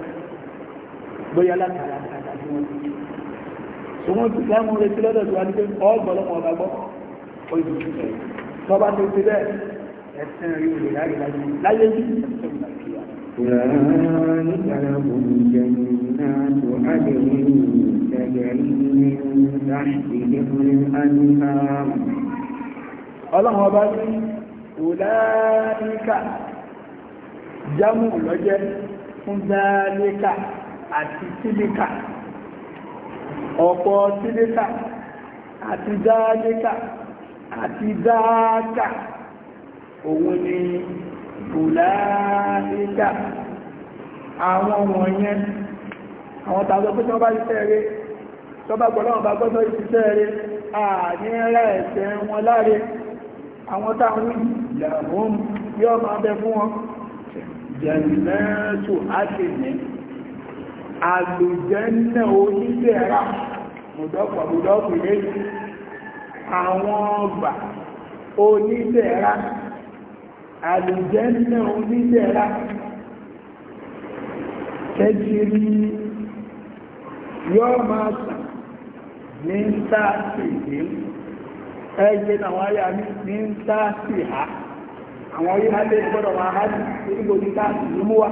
bóyá látàrí àtàrí wọn wọ́n ti láàmú retí lọ́dọ̀ tó wá ní pé ọgbọ̀lọpọ̀ ọba gbọ́ ojú tọba tó ti bẹ́ẹ̀ ẹ̀sìn rí olè láyé láyé ní ẹ̀sìn ìgbàkíyà. أولئك لهم جنات عدن تجري من تحتهم الأنهار الله أبدا أولئك جمع لجل ذلك أتسلك ọ̀pọ̀ sídékà àti dáadékà àti dáákà òun ni bùláàdékà àwọn wọ̀nyẹn àwọn tàbí pé tọ́bá iṣẹ́ rẹ̀ tọ́bá gbọ́lọ́wọ́n bá gbọ́dọ̀ ìṣiṣẹ́ rẹ̀ àní rẹ̀ ẹ̀ṣẹ̀ wọn láre àwọn táwọn ìyàwó yọ́ máa bẹ fún wọn jẹ̀lẹ́tù á àlùjẹ́nà onídẹ̀ra mùdọ́pọ̀ àwọn ọgbà onídẹ̀ra àlùjẹ́nà onídẹ̀ra kẹjìrí yóò máa sàn ní sáàsìdé ẹgbẹ́ àwọn ayá ní ha àwọn yíká lè gbọ́dọ̀ wà á ní ibòdí sáàsì ní mú wa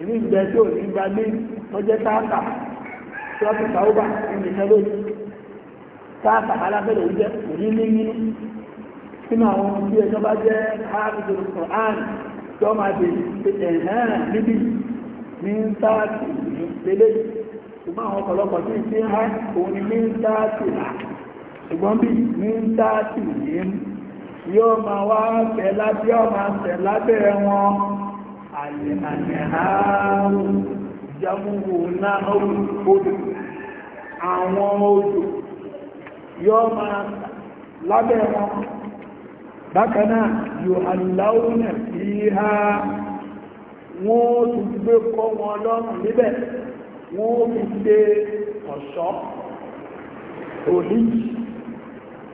ìlú ìgbẹ́ tí ò ní gba ní ọjẹ́ táàkà tí wọ́n ti ta ọba ní ìṣẹ́ lójú táàkà alábẹ́rẹ̀ oúnjẹ kò ní ní nínú sínú àwọn ohun tí ẹjọ́ bá jẹ́ ààbùdó Quran tó máa dé ẹ̀hẹ́n níbi ní táàkì lélẹ̀ ṣùgbọ́n àwọn ọ̀pọ̀lọpọ̀ tí ìṣe ha òun ni ní táàkì là ṣùgbọ́n bí ní táàkì yìí yóò máa wá tẹ̀ lábẹ́ wọn àlẹ́hàrù jámúhù náà odò àwọn odò yọ ma lábẹ́ wọn bákanáà yóò aláwọ̀nà ha wọ́n tún gbé kọ́ wọn lọ́rùn níbẹ̀ wọ́n fi ṣe ọ̀ṣọ́ òlíjì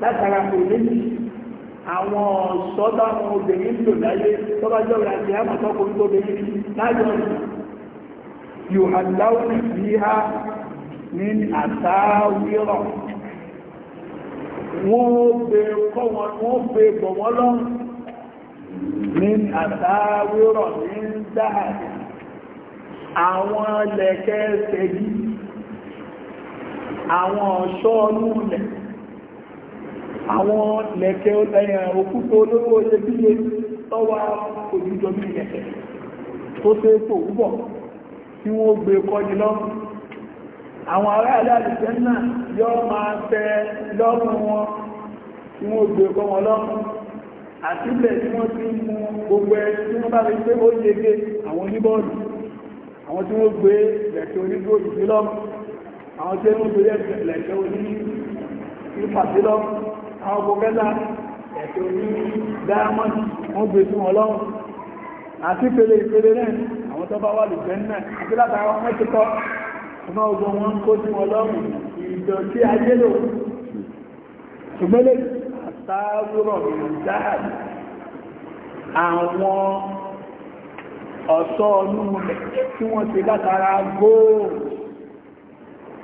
látara òlíjì àwọn ọ̀ṣọ́dá àwọn obìnrin lò láyé tọ́bájọ́ rẹ̀ àti àmọ̀ tọ́kùnrin tó bèèrè láyé ọ̀nà yóò àdáwọn ìfì ha ní àtàwírọ̀ wọ́n bè bọ̀ wọ́n lọ́n ní àtàwírọ̀ ní dáàdì àwọn lẹ̀kẹ́ àwọn ọ̀ṣọ́ ọlúlẹ̀ àwọn lẹ̀kẹ́ òkúta olówó ṣe bí i tọ́wà òjújọ bí lẹ̀kẹ́ tó tẹ́ tó wúbọ̀ tí wọ́n gbé kọ́ni lọ́rùn àwọn ará aláàlùfẹ́ náà yọ máa tẹ lọ́rùn wọn tí wọ́n gbé kọ́ wọn lọ́rùn àti ilẹ̀ tí wọ́n ti mú gbogbo ẹ tí wọ́n bá fi pé ó yege àwọn oníbọ́ọ̀lù àwọn tí wọ́n gbé lẹ̀kẹ́ onígbò ìdílọ́mù àwọn tí wọ́n gbé lẹ̀kẹ́ oní ìfàdílọ́mù àwọn ọkọ̀ kẹta ẹ̀tọ́ ní diamond wọ́n gbé fún ọlọ́run àti ìpele ìpele náà àwọn tó bá wà lè jẹ́ náà àti látara mẹ́tìkọ́ ọmọ ogun wọn kó sí ọlọ́run ìdọ̀tí ayé lò ṣùgbọ́n lè àtàwòrọ̀ ìdáàbì àwọn ọ̀ṣọ́ ọ̀nú rẹ̀ tí wọ́n ti látara góòlù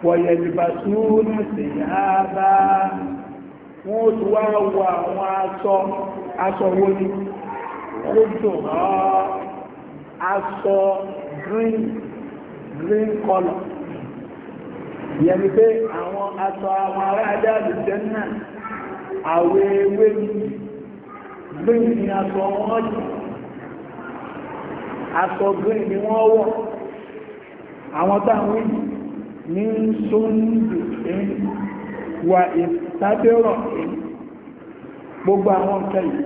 wọ̀yẹ̀lìbàsúrù sí yáá bá wọ́n ó tún wá wọ àwọn aṣọ aṣọ wo ni ah, aṣọ green green color ìyẹn pé àwọn aṣọ àwọn ará ajá náà àwọ̀ ewé ni green ni aṣọ wọn jù green ni wọ́n wọ̀ àwọn táwọn ní eh, wà ìtàbẹ̀rọ̀ gbogbo àwọn kẹlì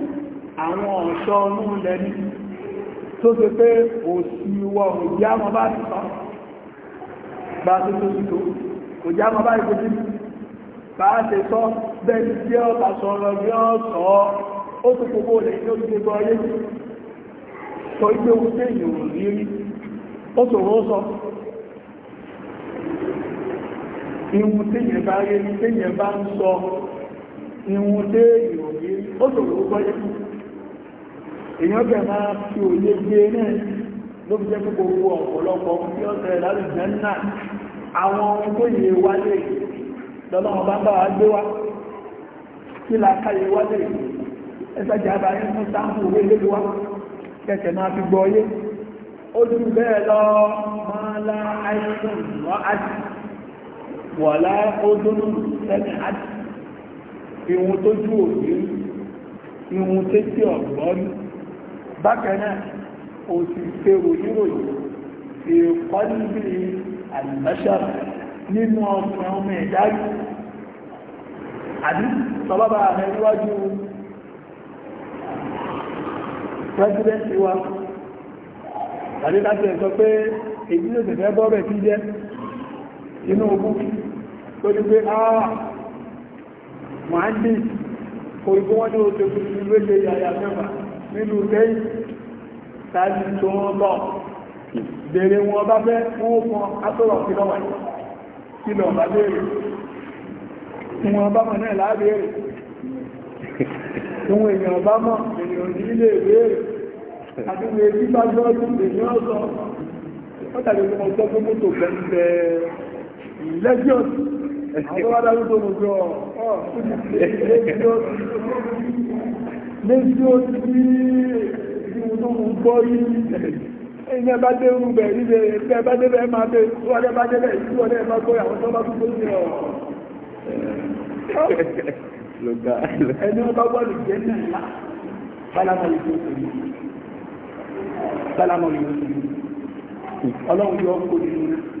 àwọn ọ̀ṣọ́ ọmú lẹ́ni tó ṣe pé òsì wọ òjá wọn bá ti sọ bá tó tó sí tó òjá wọn bá ìkòjú bá ṣe sọ bẹ́ẹ̀ tí ó ta sọ̀rọ̀ bí ó sọ ó tó gbogbo rẹ̀ tí ó ti gbogbo ọyé sọ ìgbéwúté ìròyìn rí ó sọ̀rọ̀ ó sọ ihun téèyàn bá rí ní téèyàn bá ń sọ ihun téèyàn rí ó sòrò ó gbọ́yé fún èèyàn bẹ̀ máa fi òye gbé náà ló fi jẹ́ pé gbogbo ọ̀pọ̀lọpọ̀ tí ó tẹ̀lé láti jẹ́ náà àwọn ohun tó yẹ wálé lọ́lọ́wọ́n bá bá wa gbé wá kí la káyé wálé ẹsẹ̀jẹ̀ àbáyé fún sáàmù owó ilé wa kẹ̀kẹ̀ máa fi gbọ́ yé ó ju bẹ́ẹ̀ lọ máa lá àìsàn lọ́ àti wàlá ọdúnú sẹ́ni àti ìwọ̀n tó jú òní ìwọ̀n tó tí ọ̀gbọ́n bákanáà ó sì ṣe ròyìnròyìn fi kọ́ níbi àlùbáṣàrà nínú ọmọ ọmọ ẹ̀dájú àbí sọ́bàbà rẹ̀ wa àdídájú ẹ̀ sọ pé èyí ló tẹ̀fẹ́ bọ́ọ̀rẹ̀ tí jẹ́ inú ogun tó ní pé àà ah, mohamed orígbó wọ́n ní oṣù tuntun lóṣe yàyà mẹ́fà nínú lẹ́yìn tàbí tó wọ́n lọ bèèrè wọn bá fẹ́ wọ́n fún atọ́rọ̀ sí lọ́wọ́ sí lọ bá bèèrè wọn bá mọ̀ náà lábèèrè ohun èèyàn bá mọ̀ èèyàn ní ilé ìbéèrè àti ilé ìbí bá gbọ́ sí èèyàn sọ ó tàbí ọjọ́ gbogbo tó fẹ́ religious àtọ́wádàrú tó gbogbo ọ̀ religious ní ìwọ̀n tó mú gbọ́ yìí ẹ̀yìn ẹbá dé ń bẹ̀ níbẹ̀ ẹbá dé bẹ̀ máa bẹ̀ wọ́n ẹbá dé bẹ̀ ìlú ọdẹ ẹbá gbọ́ àwọn tó bá tó gbé ọ̀ ẹni wọ́n bá gbọ́ lè jẹ́ náà bálámọ̀lì tó tẹ̀lé bálámọ̀lì tó tẹ̀lé ọlọ́run yóò kó nínú náà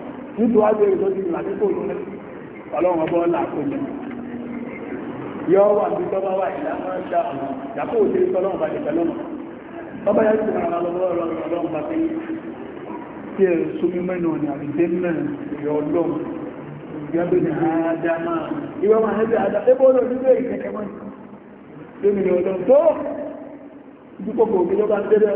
nítorí wájú èrè tó ti rà ní kò lónà ọlọ́run ọgbọ́n ńlá kò ní yọ wà ní tọ́ba wà ìlà máa ń ṣá ọ̀nà yàtọ̀ òṣèré tọ́lọ́run bá lè fẹ́ lọ́nà tọ́ba yá sí ara lọ́wọ́ ọlọ́run bá fi tí ẹ súnmí mẹ́nu ọ̀nà àrídé mẹ́rin ìyọ ọlọ́run ìgbàgbé ní àádá máa ìwọ máa ń bí àádá ébó lọ nílé ìkẹ́kẹ́ mọ́ lónìí ọlọ́run tó ìdúkọ̀kọ̀ òkè ló bá ń débẹ̀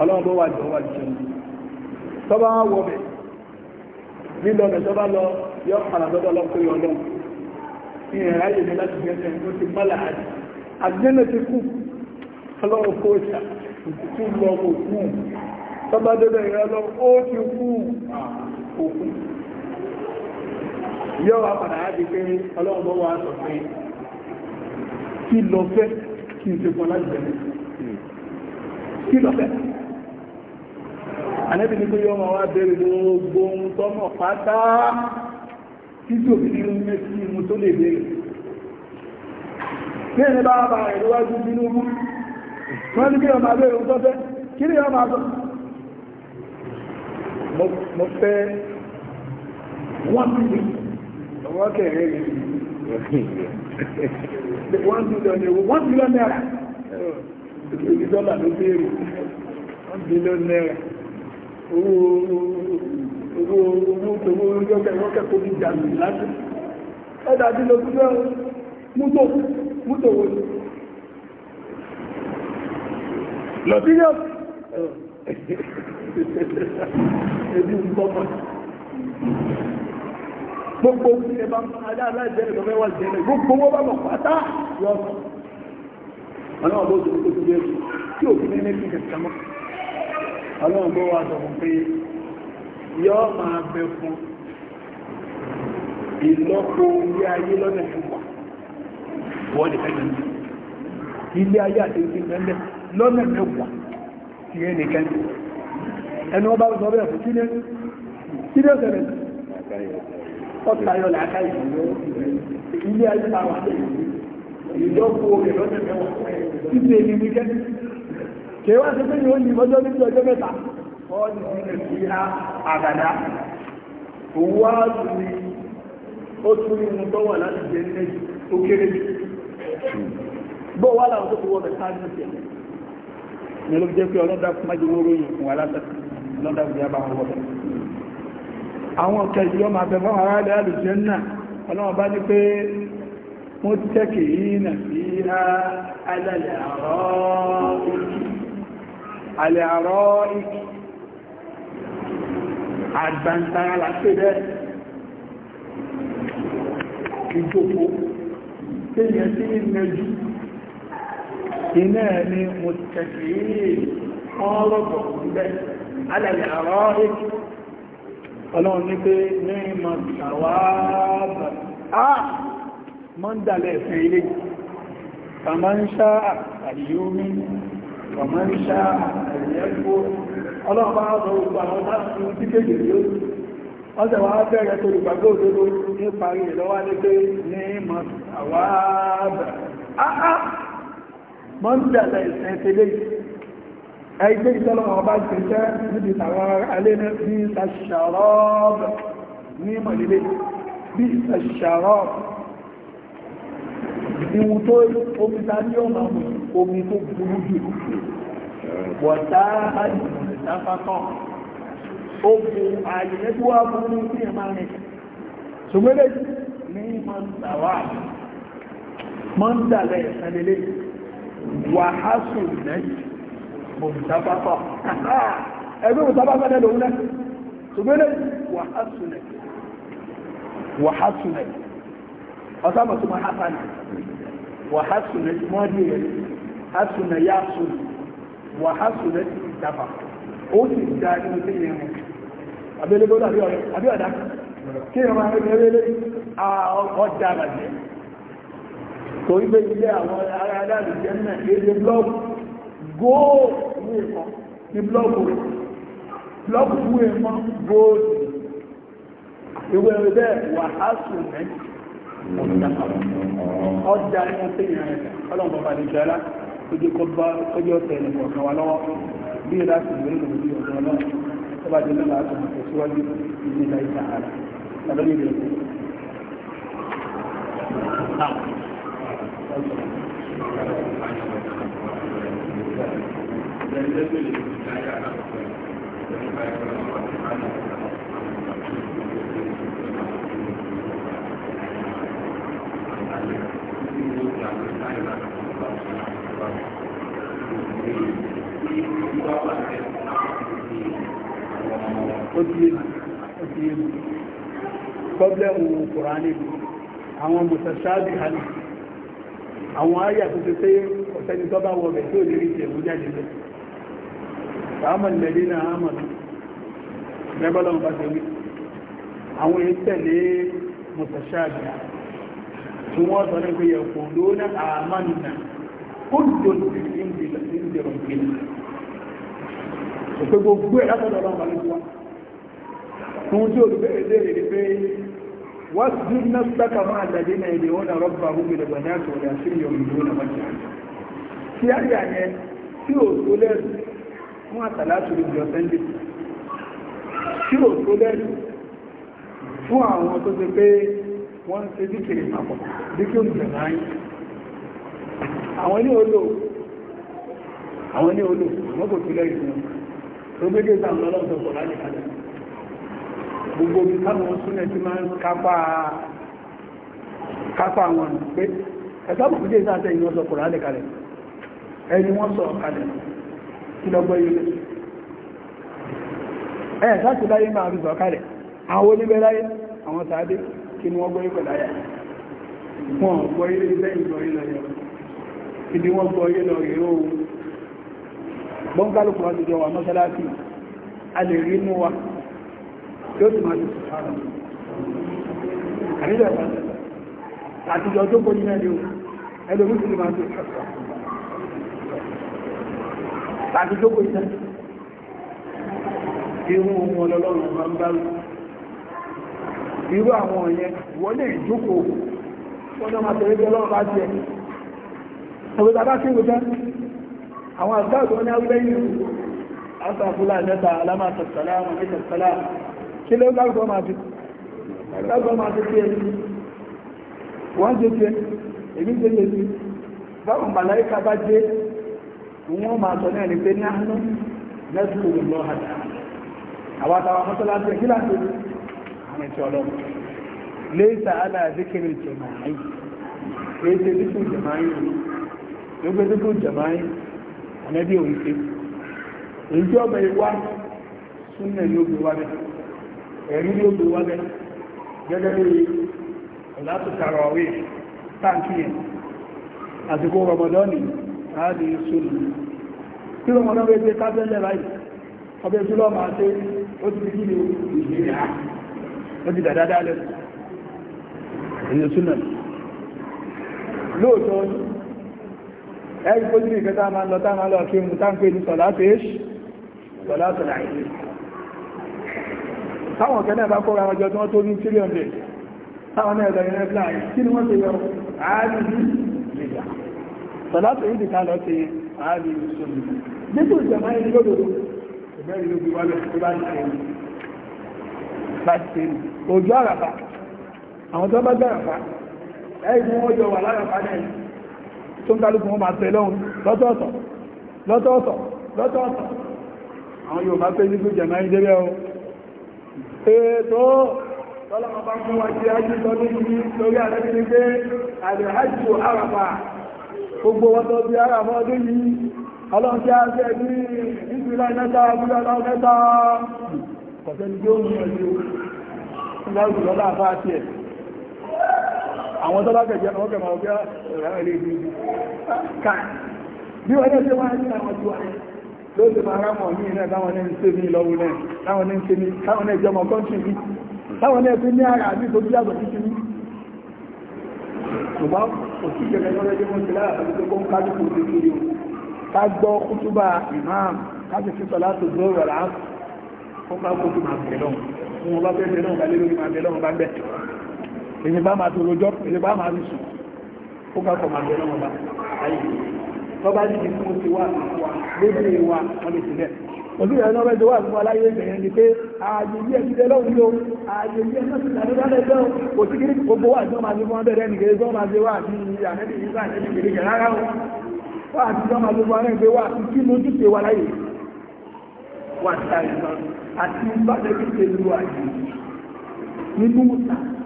ọlọ́run bó wà jọ wà jọ tọ́bá wọ bẹ̀ nílọ bẹ̀ tọ́bá lọ yọ padà lọ́dọ̀ lọ pé ọlọ́run ní ẹ̀rá yìí ní láti gẹ́gẹ́ tó ti mọ́lá àdì àgbẹ́nà ti kú ọlọ́run kó ìṣà òkú lọ òkú tọ́bá débẹ̀ ìrẹ́ lọ sọ pé kí lọ fẹ́ kí n ṣe pọ̀ láti bẹ̀rẹ̀ hmm. kí lọ fẹ́ ànẹ́bí ní pé yọ́ ma wá bẹ̀rẹ̀ gbogbo ohun tọ́mọ̀ pátá títí òfin ní mẹ́sí mu tó lè bẹ̀rẹ̀ bí ẹni bá bá rẹ̀ lọ́wọ́jú nínú mú wọ́n ní kí ọ máa bẹ̀rẹ̀ ohun tọ́fẹ́ kí ni ọ máa mo fẹ́ wọ́n ti ọwọ́ kẹrẹ́ rẹ̀ wọ́n ti lọ ní owó wọ́n ti lọ náírà ìdọ́là ló bẹ̀rẹ̀ wọ́n ti lọ náírà owó owó tòwó yọ́kẹ̀ yọ́kẹ̀ tó ní ìdàmì láti ẹ̀dà bí lọ sí lọ́rùn mútò mútò wọ́n lọ́tí yọ́ ẹbí ń bọ́ bọ́ gbogbo ẹ bá adá aláìsẹ́rẹ̀ lọ mẹ́wàá jẹ́rẹ̀ gbogbo wọ́n bá mọ̀ pátá yọ́ ọ̀nà ọ̀bọ̀ òṣèlú tó ti yẹ́ kí òfin ní ní kí kẹ̀kẹ́ mọ́ ọlọ́run tó wà sọ fún pé yọ́ máa bẹ fún ìlọ́pọ̀ ilé ayé lọ́nà ìwà wọ́n lè fẹ́ lọ́nà ilé ayé àti ìpínlẹ̀ lọ́nà mẹ́wàá ti rẹ̀ nìkan ẹni wọ́n bá sọ bẹ́ẹ̀ fún sílé sílé ọ̀sẹ̀rẹ̀ ọ̀tayọ̀ làákàyè ilé ayé àwọn àti ìlọ́pọ̀ ilé lọ́nà mẹ́wàá kí wá sí pé yóò ní ọjọ́ níbi ọjọ́ mẹ́ta ọ́nì sílẹ̀ sí àgàdá owó àtúni ó tún ní ohun tó wà láti jẹ ní tó kéré jù bó wà láwọn tó fi wọ́n mẹ́ta ní ìṣẹ́ ní ló jẹ́ pé ọlọ́dà májú wóró yìí fún wa látàkì ọlọ́dà bá ní wọ́n tẹ́kì alẹ́ àrọ́ ìkì àgbàntara láti rẹ̀ ìjòkó tẹ́yẹ sí ìmẹ́jú iná ẹni mo tẹ̀kì ọlọ́pọ̀ ìbẹ̀ alẹ́ àrọ́ ìkì ọlọ́run ní pé ní ìmọ̀ àwábà ah mọ́ndàlẹ̀ ẹ̀fẹ́ ilé tàmà ń ṣáà àdìyómi ọmọríṣà ẹ̀yẹ́gbó ọlọ́pàá ọ̀rọ̀ ògbà àwọn láti ní kéèkèé ló ọjọ́ wa bẹ̀rẹ̀ tó ìgbàgbọ́ òdodo ní parí ìlọ́wà ní pé ní mọ̀ àwábà áá mọ́ ń bẹ̀rẹ̀ ìsẹ̀ntẹ̀lẹ̀ ẹgbẹ́ ìtọ́lọ́wọ́ ọba jẹ́jẹ́ níbi tàwọn alẹ́ ní bí ìtàṣàrọ́ọ̀bù ní mọ̀lẹ́lẹ́ bí ìtàṣàrọ́ọ̀bù omi tó burú jù wọ̀tá àìsàfàkàn ó bu ààyè lẹ́tí wá burú sí ẹ̀mà rẹ̀ ṣùgbẹ́lẹ̀ ní mọ́ntàwà mọ́ntàlẹ̀ ìsànlélé wà á sùn lẹ́yìn mọ̀ntàfàkàn ẹgbẹ́ mọ̀ntàfàkàn lẹ́lòun náà ṣùgbẹ́lẹ̀ wà á sùn lẹ́yìn wà á sùn lẹ́yìn ọ̀sán mọ̀ hasuna ya suna wà hasuna ti dábà ó sì dá inú sí ìyẹn rẹ̀ abẹ́lẹ́gbọ́dọ̀ àbíọ̀dá kí ìrọ̀mà ẹgbẹ̀rẹ́lẹ́ ọjà àbàjẹ́ torí pé ilé àwọn ará adáàlú jẹ́ náà léde blọ́ọ̀kù góò ní ẹ̀kọ́ ní blọ́ọ̀kù rẹ̀ blọ́ọ̀kù fún ẹ̀mọ́ góòdì ìwé ẹ̀rẹ́ bẹ́ẹ̀ wà hasuna ọjà inú sí ìyẹn rẹ̀ ọlọ́mọ̀bà nìjọ́lá ojú kó bá ọjọ́ tẹ̀lé kọ̀ọ̀kan wa lọ́wọ́ bí i láti ìwé ìlú ìlú ọ̀dọ́ náà tó bá jẹ́ lọ́la àti ìmọ̀tẹ̀ síwájú ìdí ilẹ̀ ìta ààrẹ lọ́dọ́ ìlú ẹ̀kọ́. Thank you. ó ti yé mi problem kòránì àwọn mùsàṣáàbì hàní àwọn ayà tó ti pé ọ̀sẹ́ni tó bá wọ̀bẹ̀ tí ò lè rí ìṣẹ̀mú jáde lọ sáàmàn lẹ́dí náà hàmàn lẹ́bọ́lọ́n bá ti rí àwọn èyí tẹ̀lé mùsàṣáàbì tí wọ́n sọ ní pé yẹ̀kùn lónà àmànà òpé gbogbo ẹ̀ látọ̀dọ̀ ọlọ́run balẹ̀ wá ohun tí olùbẹ̀rẹ̀ léèrè ni pé wá sí iná sáka máa dàdé náà èdè wọn àrọ́ bá gbogbo ìdàgbà ní àtọ̀ ní àṣírí ọ̀rùn ìlú náà a yà yẹn tí ò tó lẹ́rù fún àtàlá àtúrò ìjọ sẹ́ńdẹ̀ tí ò tó lẹ́rù fún àwọn tó ṣe pé wọ́n ṣe díkìrì papọ̀ díkìrì ìjọba yìí àwọn ilé olóò àwọn ilé olóò wọ́n kò gbogbo ìgbà lọ́lọ́dọ̀ kò láti kalẹ̀ gbogbo bí káwọn súnlẹ̀ tí máa ń kápá wọn pé ẹ̀sọ́ mọ̀ fún jésà tẹ́yìn wọ́n sọ kò láti kalẹ̀ ẹni wọ́n sọ kalẹ̀ kí lọ́gbọ́ ilé ẹ̀ sáti láyé máa fi sọ kalẹ̀ àwọn oníbẹ̀ láyé àwọn sàádé kí ni wọ́n gbọ́ ilé láyà wọn gbọ́ ilé iṣẹ́ ìgbọ́ ilé lọ ìdí wọn gbọ́ ilé lọ rèé ohun bọ́nkálùkù wá ti jọ wà mọ́sálásí a lè rí inú wa yóò ti máa ti sùfààrà àríjọ ìpàdé àtijọ́ tó kó nínú ẹlẹ́wò ẹlòmí ti máa ti sùfààrà àtijọ́ kó iṣẹ́ irú ohun ọlọ́lọ́run máa ń bárò irú àwọn ọ̀yẹn wọ́n lè jókòó àwọn àgbàgbà wọn ni awúlẹ́yìn asàfúlà mẹ́ta alámàtàsàlá mọ̀mẹ́tàsàlá kí ló gbàgbọ́ máa fi gbàgbọ́ máa fi tiẹ̀ wọ́n jẹ́ tiẹ̀ èmi jẹ́ tiẹ̀ tiẹ̀ báwọn màláìka bá jẹ́ wọ́n máa sọ náà ní pé ní àánú lẹ́sùn òun lọ́ àdá ànẹ́bí òun ṣe èyí ọmọ ìwá súnmọ̀ ní obì wá obi ẹ̀rí ní obì wá bẹ́ẹ̀ gẹ́gẹ́ bí ọ̀látùtàrọ̀ àwẹ̀ táǹkì àsìkò rọmọdọ́nì láàdì sólù tí rọmọdọ́n bẹ́ẹ̀ gbé kábẹ́lẹ̀ láì ọbẹ̀ tí lọ́ọ̀ máa ó ti fi kíni ìgbéra ó ti dàdá dálẹ̀ èyí súnmọ̀ lóòótọ́ ẹ̀rí kó sí ìfẹ́ táa máa lọ táa máa lọ kí mú táa ń pè ní sọ̀láṣẹ́ èṣì sọ̀láṣẹ́ láìsí táwọn kẹ́ náà bá kọ́ra ọjọ́ tí wọ́n tó ní tíríọ̀n dẹ̀ táwọn náà lọ yẹn fly kí ni wọ́n ti yọ ààrin ìgbà sọ̀láṣẹ́ yìí dìkan lọ sí ààrin ìṣòro dípò ìjọba ẹni lódodo ìbẹ́rẹ̀ ló gbé wálẹ̀ tó bá ṣe bá ṣe ojú àràfà àwọn tó bá tó ń kálùkù wọn máa tẹ lọ́hun lọ́tọ̀ọ̀tọ̀ lọ́tọ̀ọ̀tọ̀ lọ́tọ̀ọ̀tọ̀ àwọn yóò máa pé ní gbé jẹ̀mọ́ ìjẹ́rẹ́ o ètò tọ́lọ́mọ bá fún ní gbogbo àwọn tó bá kẹ̀jẹ́ ọmọ kẹ̀mọ̀ ọgbẹ́ ọ̀rẹ́ ilé ìlú káà bí wọ́n tẹ́ wá ní àwọn tó wáyé ló ti máa rámọ̀ ní iná táwọn ní ṣe ní lọ́wọ́ náà táwọn ní ṣe ní táwọn ní ìjọmọ̀ kọ́ńtì ní táwọn ní ní ara àbí tó bí àgbà títí ní ṣùgbọ́n òsì kẹ̀kẹ́ lọ́rẹ́ jẹ́ wọ́n ti lára àti tó kún kájú kò ti kiri ká gbọ́ kútúbà imam kájú sí sọlá tó gbọ́ rọ̀ láàpù ó bá kó tó máa bẹ̀rẹ̀ lọ́wọ́ èyí bá máa tó lójọ́ èyí bá máa rí sùn ó kàkọ̀ máa bẹ̀rẹ̀ wọn bá ayé tọ́bá ní ìdí fún ti wà lórí wa wọ́n lè sílẹ̀ òbí rẹ̀ náà bẹ́jọ wà fún aláyé ìbẹ̀rẹ̀ ni pé ààyè ilé ẹ̀sìn lọ́wọ́ ló ààyè ilé ẹ̀sìn lọ́wọ́ ló kò sí kiri gbogbo wà tí wọ́n máa fi fún ọdẹ rẹ̀ nìkejì tí wọ́n máa fi wà ní àmẹ́bí ìgbà àti ìgbèríkẹ̀ rárá wà tí wọ́n máa fi fún ọdẹ rẹ̀ wà tí kí lójúṣe wà láyé wà tí àìsàn àti bá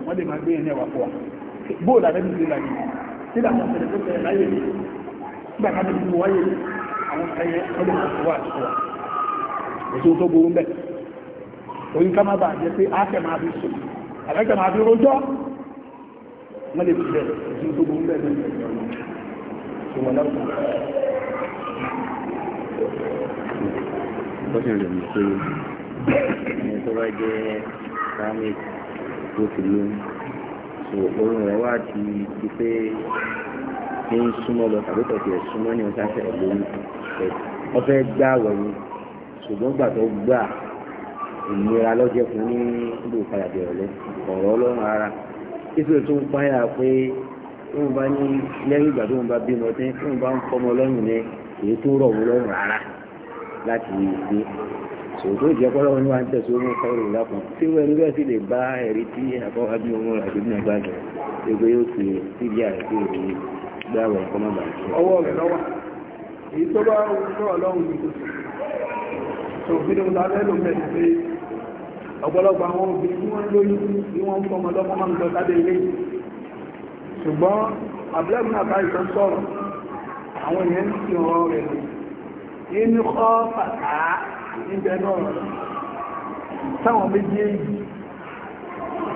wọ́n lè máa gbé ẹni ẹwà fọ́wà bóòlù àdẹ́bí ti láyé sílẹ̀ àwọn ọ̀sẹ̀lẹ̀ tó tẹ̀lé láyé ní gbà ká tóbi mú wáyé àwọn ẹyẹ wọ́n lè máa fọ́wà àti fọ́wà èso tó burú bẹ́ẹ̀ oyún ká má bàa jẹ́ pé ákẹ́ máa fi sùn àbẹ́kẹ́ tó tó bá jẹ́ Islamic ló ti lóyún so orun rẹ̀ wá ti di pé kí n súnmọ́ lọ tàbí tọ̀tì ẹ̀ súnmọ́ ní ọjà fẹ́ lóyún wọ́n fẹ́ gbá wẹ̀yìn ṣùgbọ́n gbà tó gbà ìnira lọ́jẹ́ fún ní ìlú ìpadàbí ọ̀lẹ́ ọ̀rọ̀ ọlọ́run ara títí tó ń páyà pé tóun bá ní lẹ́yìn ìgbà tóun bá bímọ tí tóun bá ń fọmọ lọ́rùn yẹn èyí tó rọ̀ wọ́n lọ́rùn rárá láti gbé sòtò ìjẹ́kọ́lọ́ wọn ni wọ́n ń tẹ̀sí owó kọ́rọ̀ lápọ̀ tí wọ́n ń gẹ́sì lè bá ẹ̀rí tí àkọ́wájú owó àti ní àgbàjọ ẹgbẹ́ yóò fi síbi àti èyí gbáwọ̀ ẹ̀kọ́ má bàa ṣe. ọwọ́ rẹ̀ lọ́wọ́ èyí tó bá ń sọ ọlọ́run ní tó fi ní ọ̀la lẹ́nu mẹ́rin pé ọ̀pọ̀lọpọ̀ àwọn obìnrin tí wọ́n lóyún ni ń fi ọ̀rọ̀ rẹ̀ lò inú kọ́ pàtàkì níbẹ̀ náà táwọn méjèèjì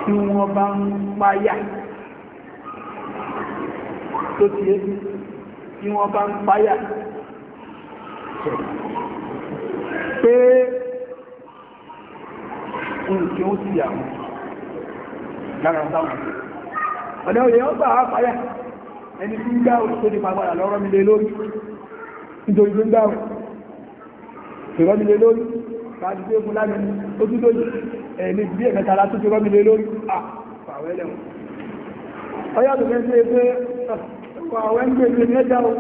tí wọ́n bá ń páyà tó ti é tí wọ́n bá ń páyà pé nǹkan ó ti yàwó lára táwọn ọ̀dẹ́ òye ó gbà á páyà ẹni tí ń gbá òṣèlú pàgbàrà lọ́rọ̀ mi lé lórí nítorí tó ń gbà ti rọ́mi lé lórí láti gbé fún láti ojú lórí ẹ̀mí bí ẹ̀mẹ́ta láti ti rọ́mi lé lórí àwẹ̀ lẹ́wọ̀n ọyá tó fẹ́ ṣe pé àwẹ̀ ń gbèsè ní ẹja o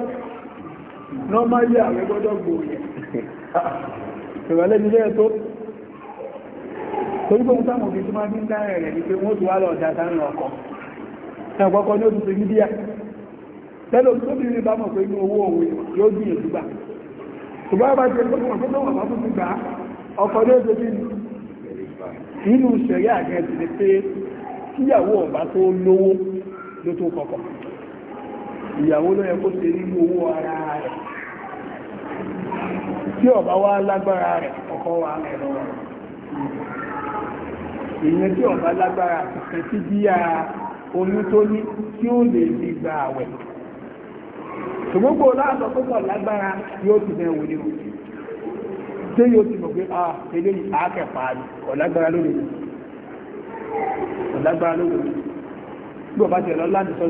náà máa yí àwẹ̀ gbọ́dọ̀ gbòòyẹ ìrọ̀lẹ́ ní lẹ́yìn tó torí gbóhun táwọn òbí tó máa bí ń dá ẹ̀rẹ̀ ní pé wọ́n tó wá lọ ọ̀dá sáàrin ọkọ̀ ẹ̀kọ́kọ́ ní ó ṣùgbọ́n bá ṣe lọ́pọ̀ ọ̀pọ̀lọpọ̀ bá fún gbà ọkọ̀ ní oṣù bí nínú ṣẹ̀rí àgẹ́ ti lè pé kíyàwó ọ̀bá tó lówó ló tó kọ̀kọ̀ ìyàwó ló yẹ kó ṣe nínú owó ara rẹ̀ tí ọ̀bá wá lágbára rẹ̀ ọkọ wa rẹ̀ lọ́wọ́ ìyẹn tí ọ̀bá lágbára kẹ̀kẹ́ sí bí i oyún tó ní tí ó lè fi gba àwẹ̀ ṣùgbọ́n gbogbo tó pọ̀ lágbára yóò ti bẹ wòlé o ṣé yóò ti mọ̀ pé a ah, ṣẹlẹ̀ ní àákẹfà ni ọlágbára lórí mi ọlágbára lórí mi ọba tẹ lọ láti sọ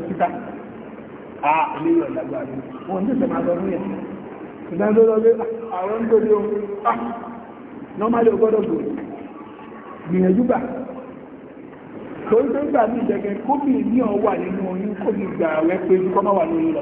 a ah, ilé yọ ọlágbára lórí wọn ní ìṣẹ̀mà lọ fún yẹn ìdáná ló lọ ah, ń gbà torí pé kóbì ní ọ nínú oyún kóbì gbà rẹ pé ojú lórí lọ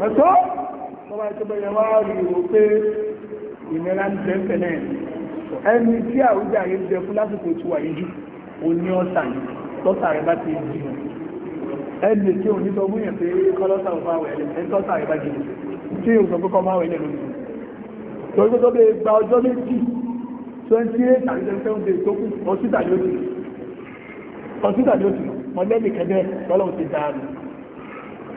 mẹ́tọ́ lọ́wọ́ ẹgbẹ́ wá rí o pé ń tẹ́ tẹ́lẹ̀ ẹni tí àwùjá yẹn jẹ fún lásìkò tí wà yíjú o ní ọ̀sà yìí tọ́sà rẹ̀ bá ti jì ẹni tí ò ní sọ fún yẹn pé kọ́lọ́sà ò bá wẹ̀ ẹ̀ tọ́sà rẹ̀ bá jì tí ò sọ pé kọ́ máa wẹ̀ lẹ́nu torí pé tó bẹ gba ọjọ́ méjì 28 eight àti twenty seven days tó kù ọsítà ni ó ti ọsítà ni ti mọ̀lẹ́bí kẹ́dẹ́ lọ́lọ́run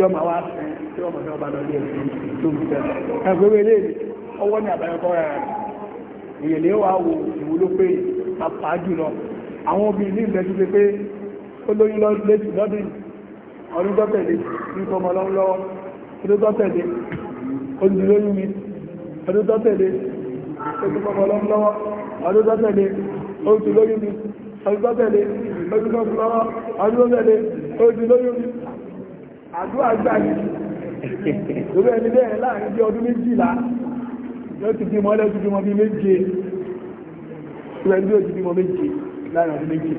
yọ ma wá fẹ́ tí ọmọ náà bá lọ lé ẹ̀sìn tó ń fẹ́ ẹgbẹ́gbẹ́ lè ọwọ́ ní àbáyọkọ́ rẹ̀ ìyẹ̀lẹ́ wà wò ìwúlò pé pàpà jùlọ àwọn obìnrin ní ìgbẹ́jú pé pé ó lóyún lẹ́sìn lọ́dún ọdún tọ́tẹ̀lé ní ọmọ lọ́wọ́ ọdún tọ́tẹ̀lé olùdílóyún mi ọdún tọ́tẹ̀lé ọdún tọ́tẹ̀lé olùdílóyún mi ọdún tọ́tẹ̀lé olùdílóyún mi àdúrà gbà ní torí ẹni bẹ́ẹ̀ láàrin bí ọdún méjìlá yóò ti bímọ ọlẹ́ ti bímọ bí méje torí ẹni yóò ti bímọ méje láàrin ọdún méje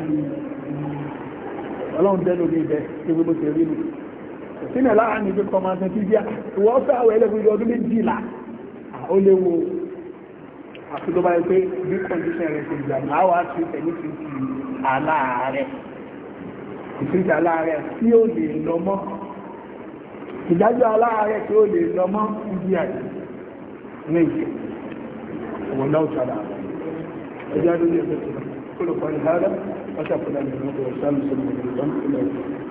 ọlọ́run tẹ́lú orí ibẹ̀ tí gbogbo ti rí nù sínú láàrin ìgbé kọmọ àti ti bíà wọ́n fẹ́ àwọ̀ ẹlẹ́gbẹ̀ẹ́ ọdún méjìlá ó léwu àti tó bá yẹ pé bí kọ́ndíṣẹ́ rẹ̀ ti gbà máa wá sí pẹ̀lú ti ti aláàárẹ̀ ìfíjà aláàárẹ̀ tí ó lè lọ mọ́ ìdájọ́ aláàárẹ̀ tí ó lè lọ mọ́ ibi àti ní ìṣe wọn náà sára ẹjọ́ àdúgbò ẹgbẹ́ tó lọ́pàá ní hàrá wọ́n sàfihàn ìrìnàjò ọ̀sán ìṣẹ́lẹ̀ ìrìnàjò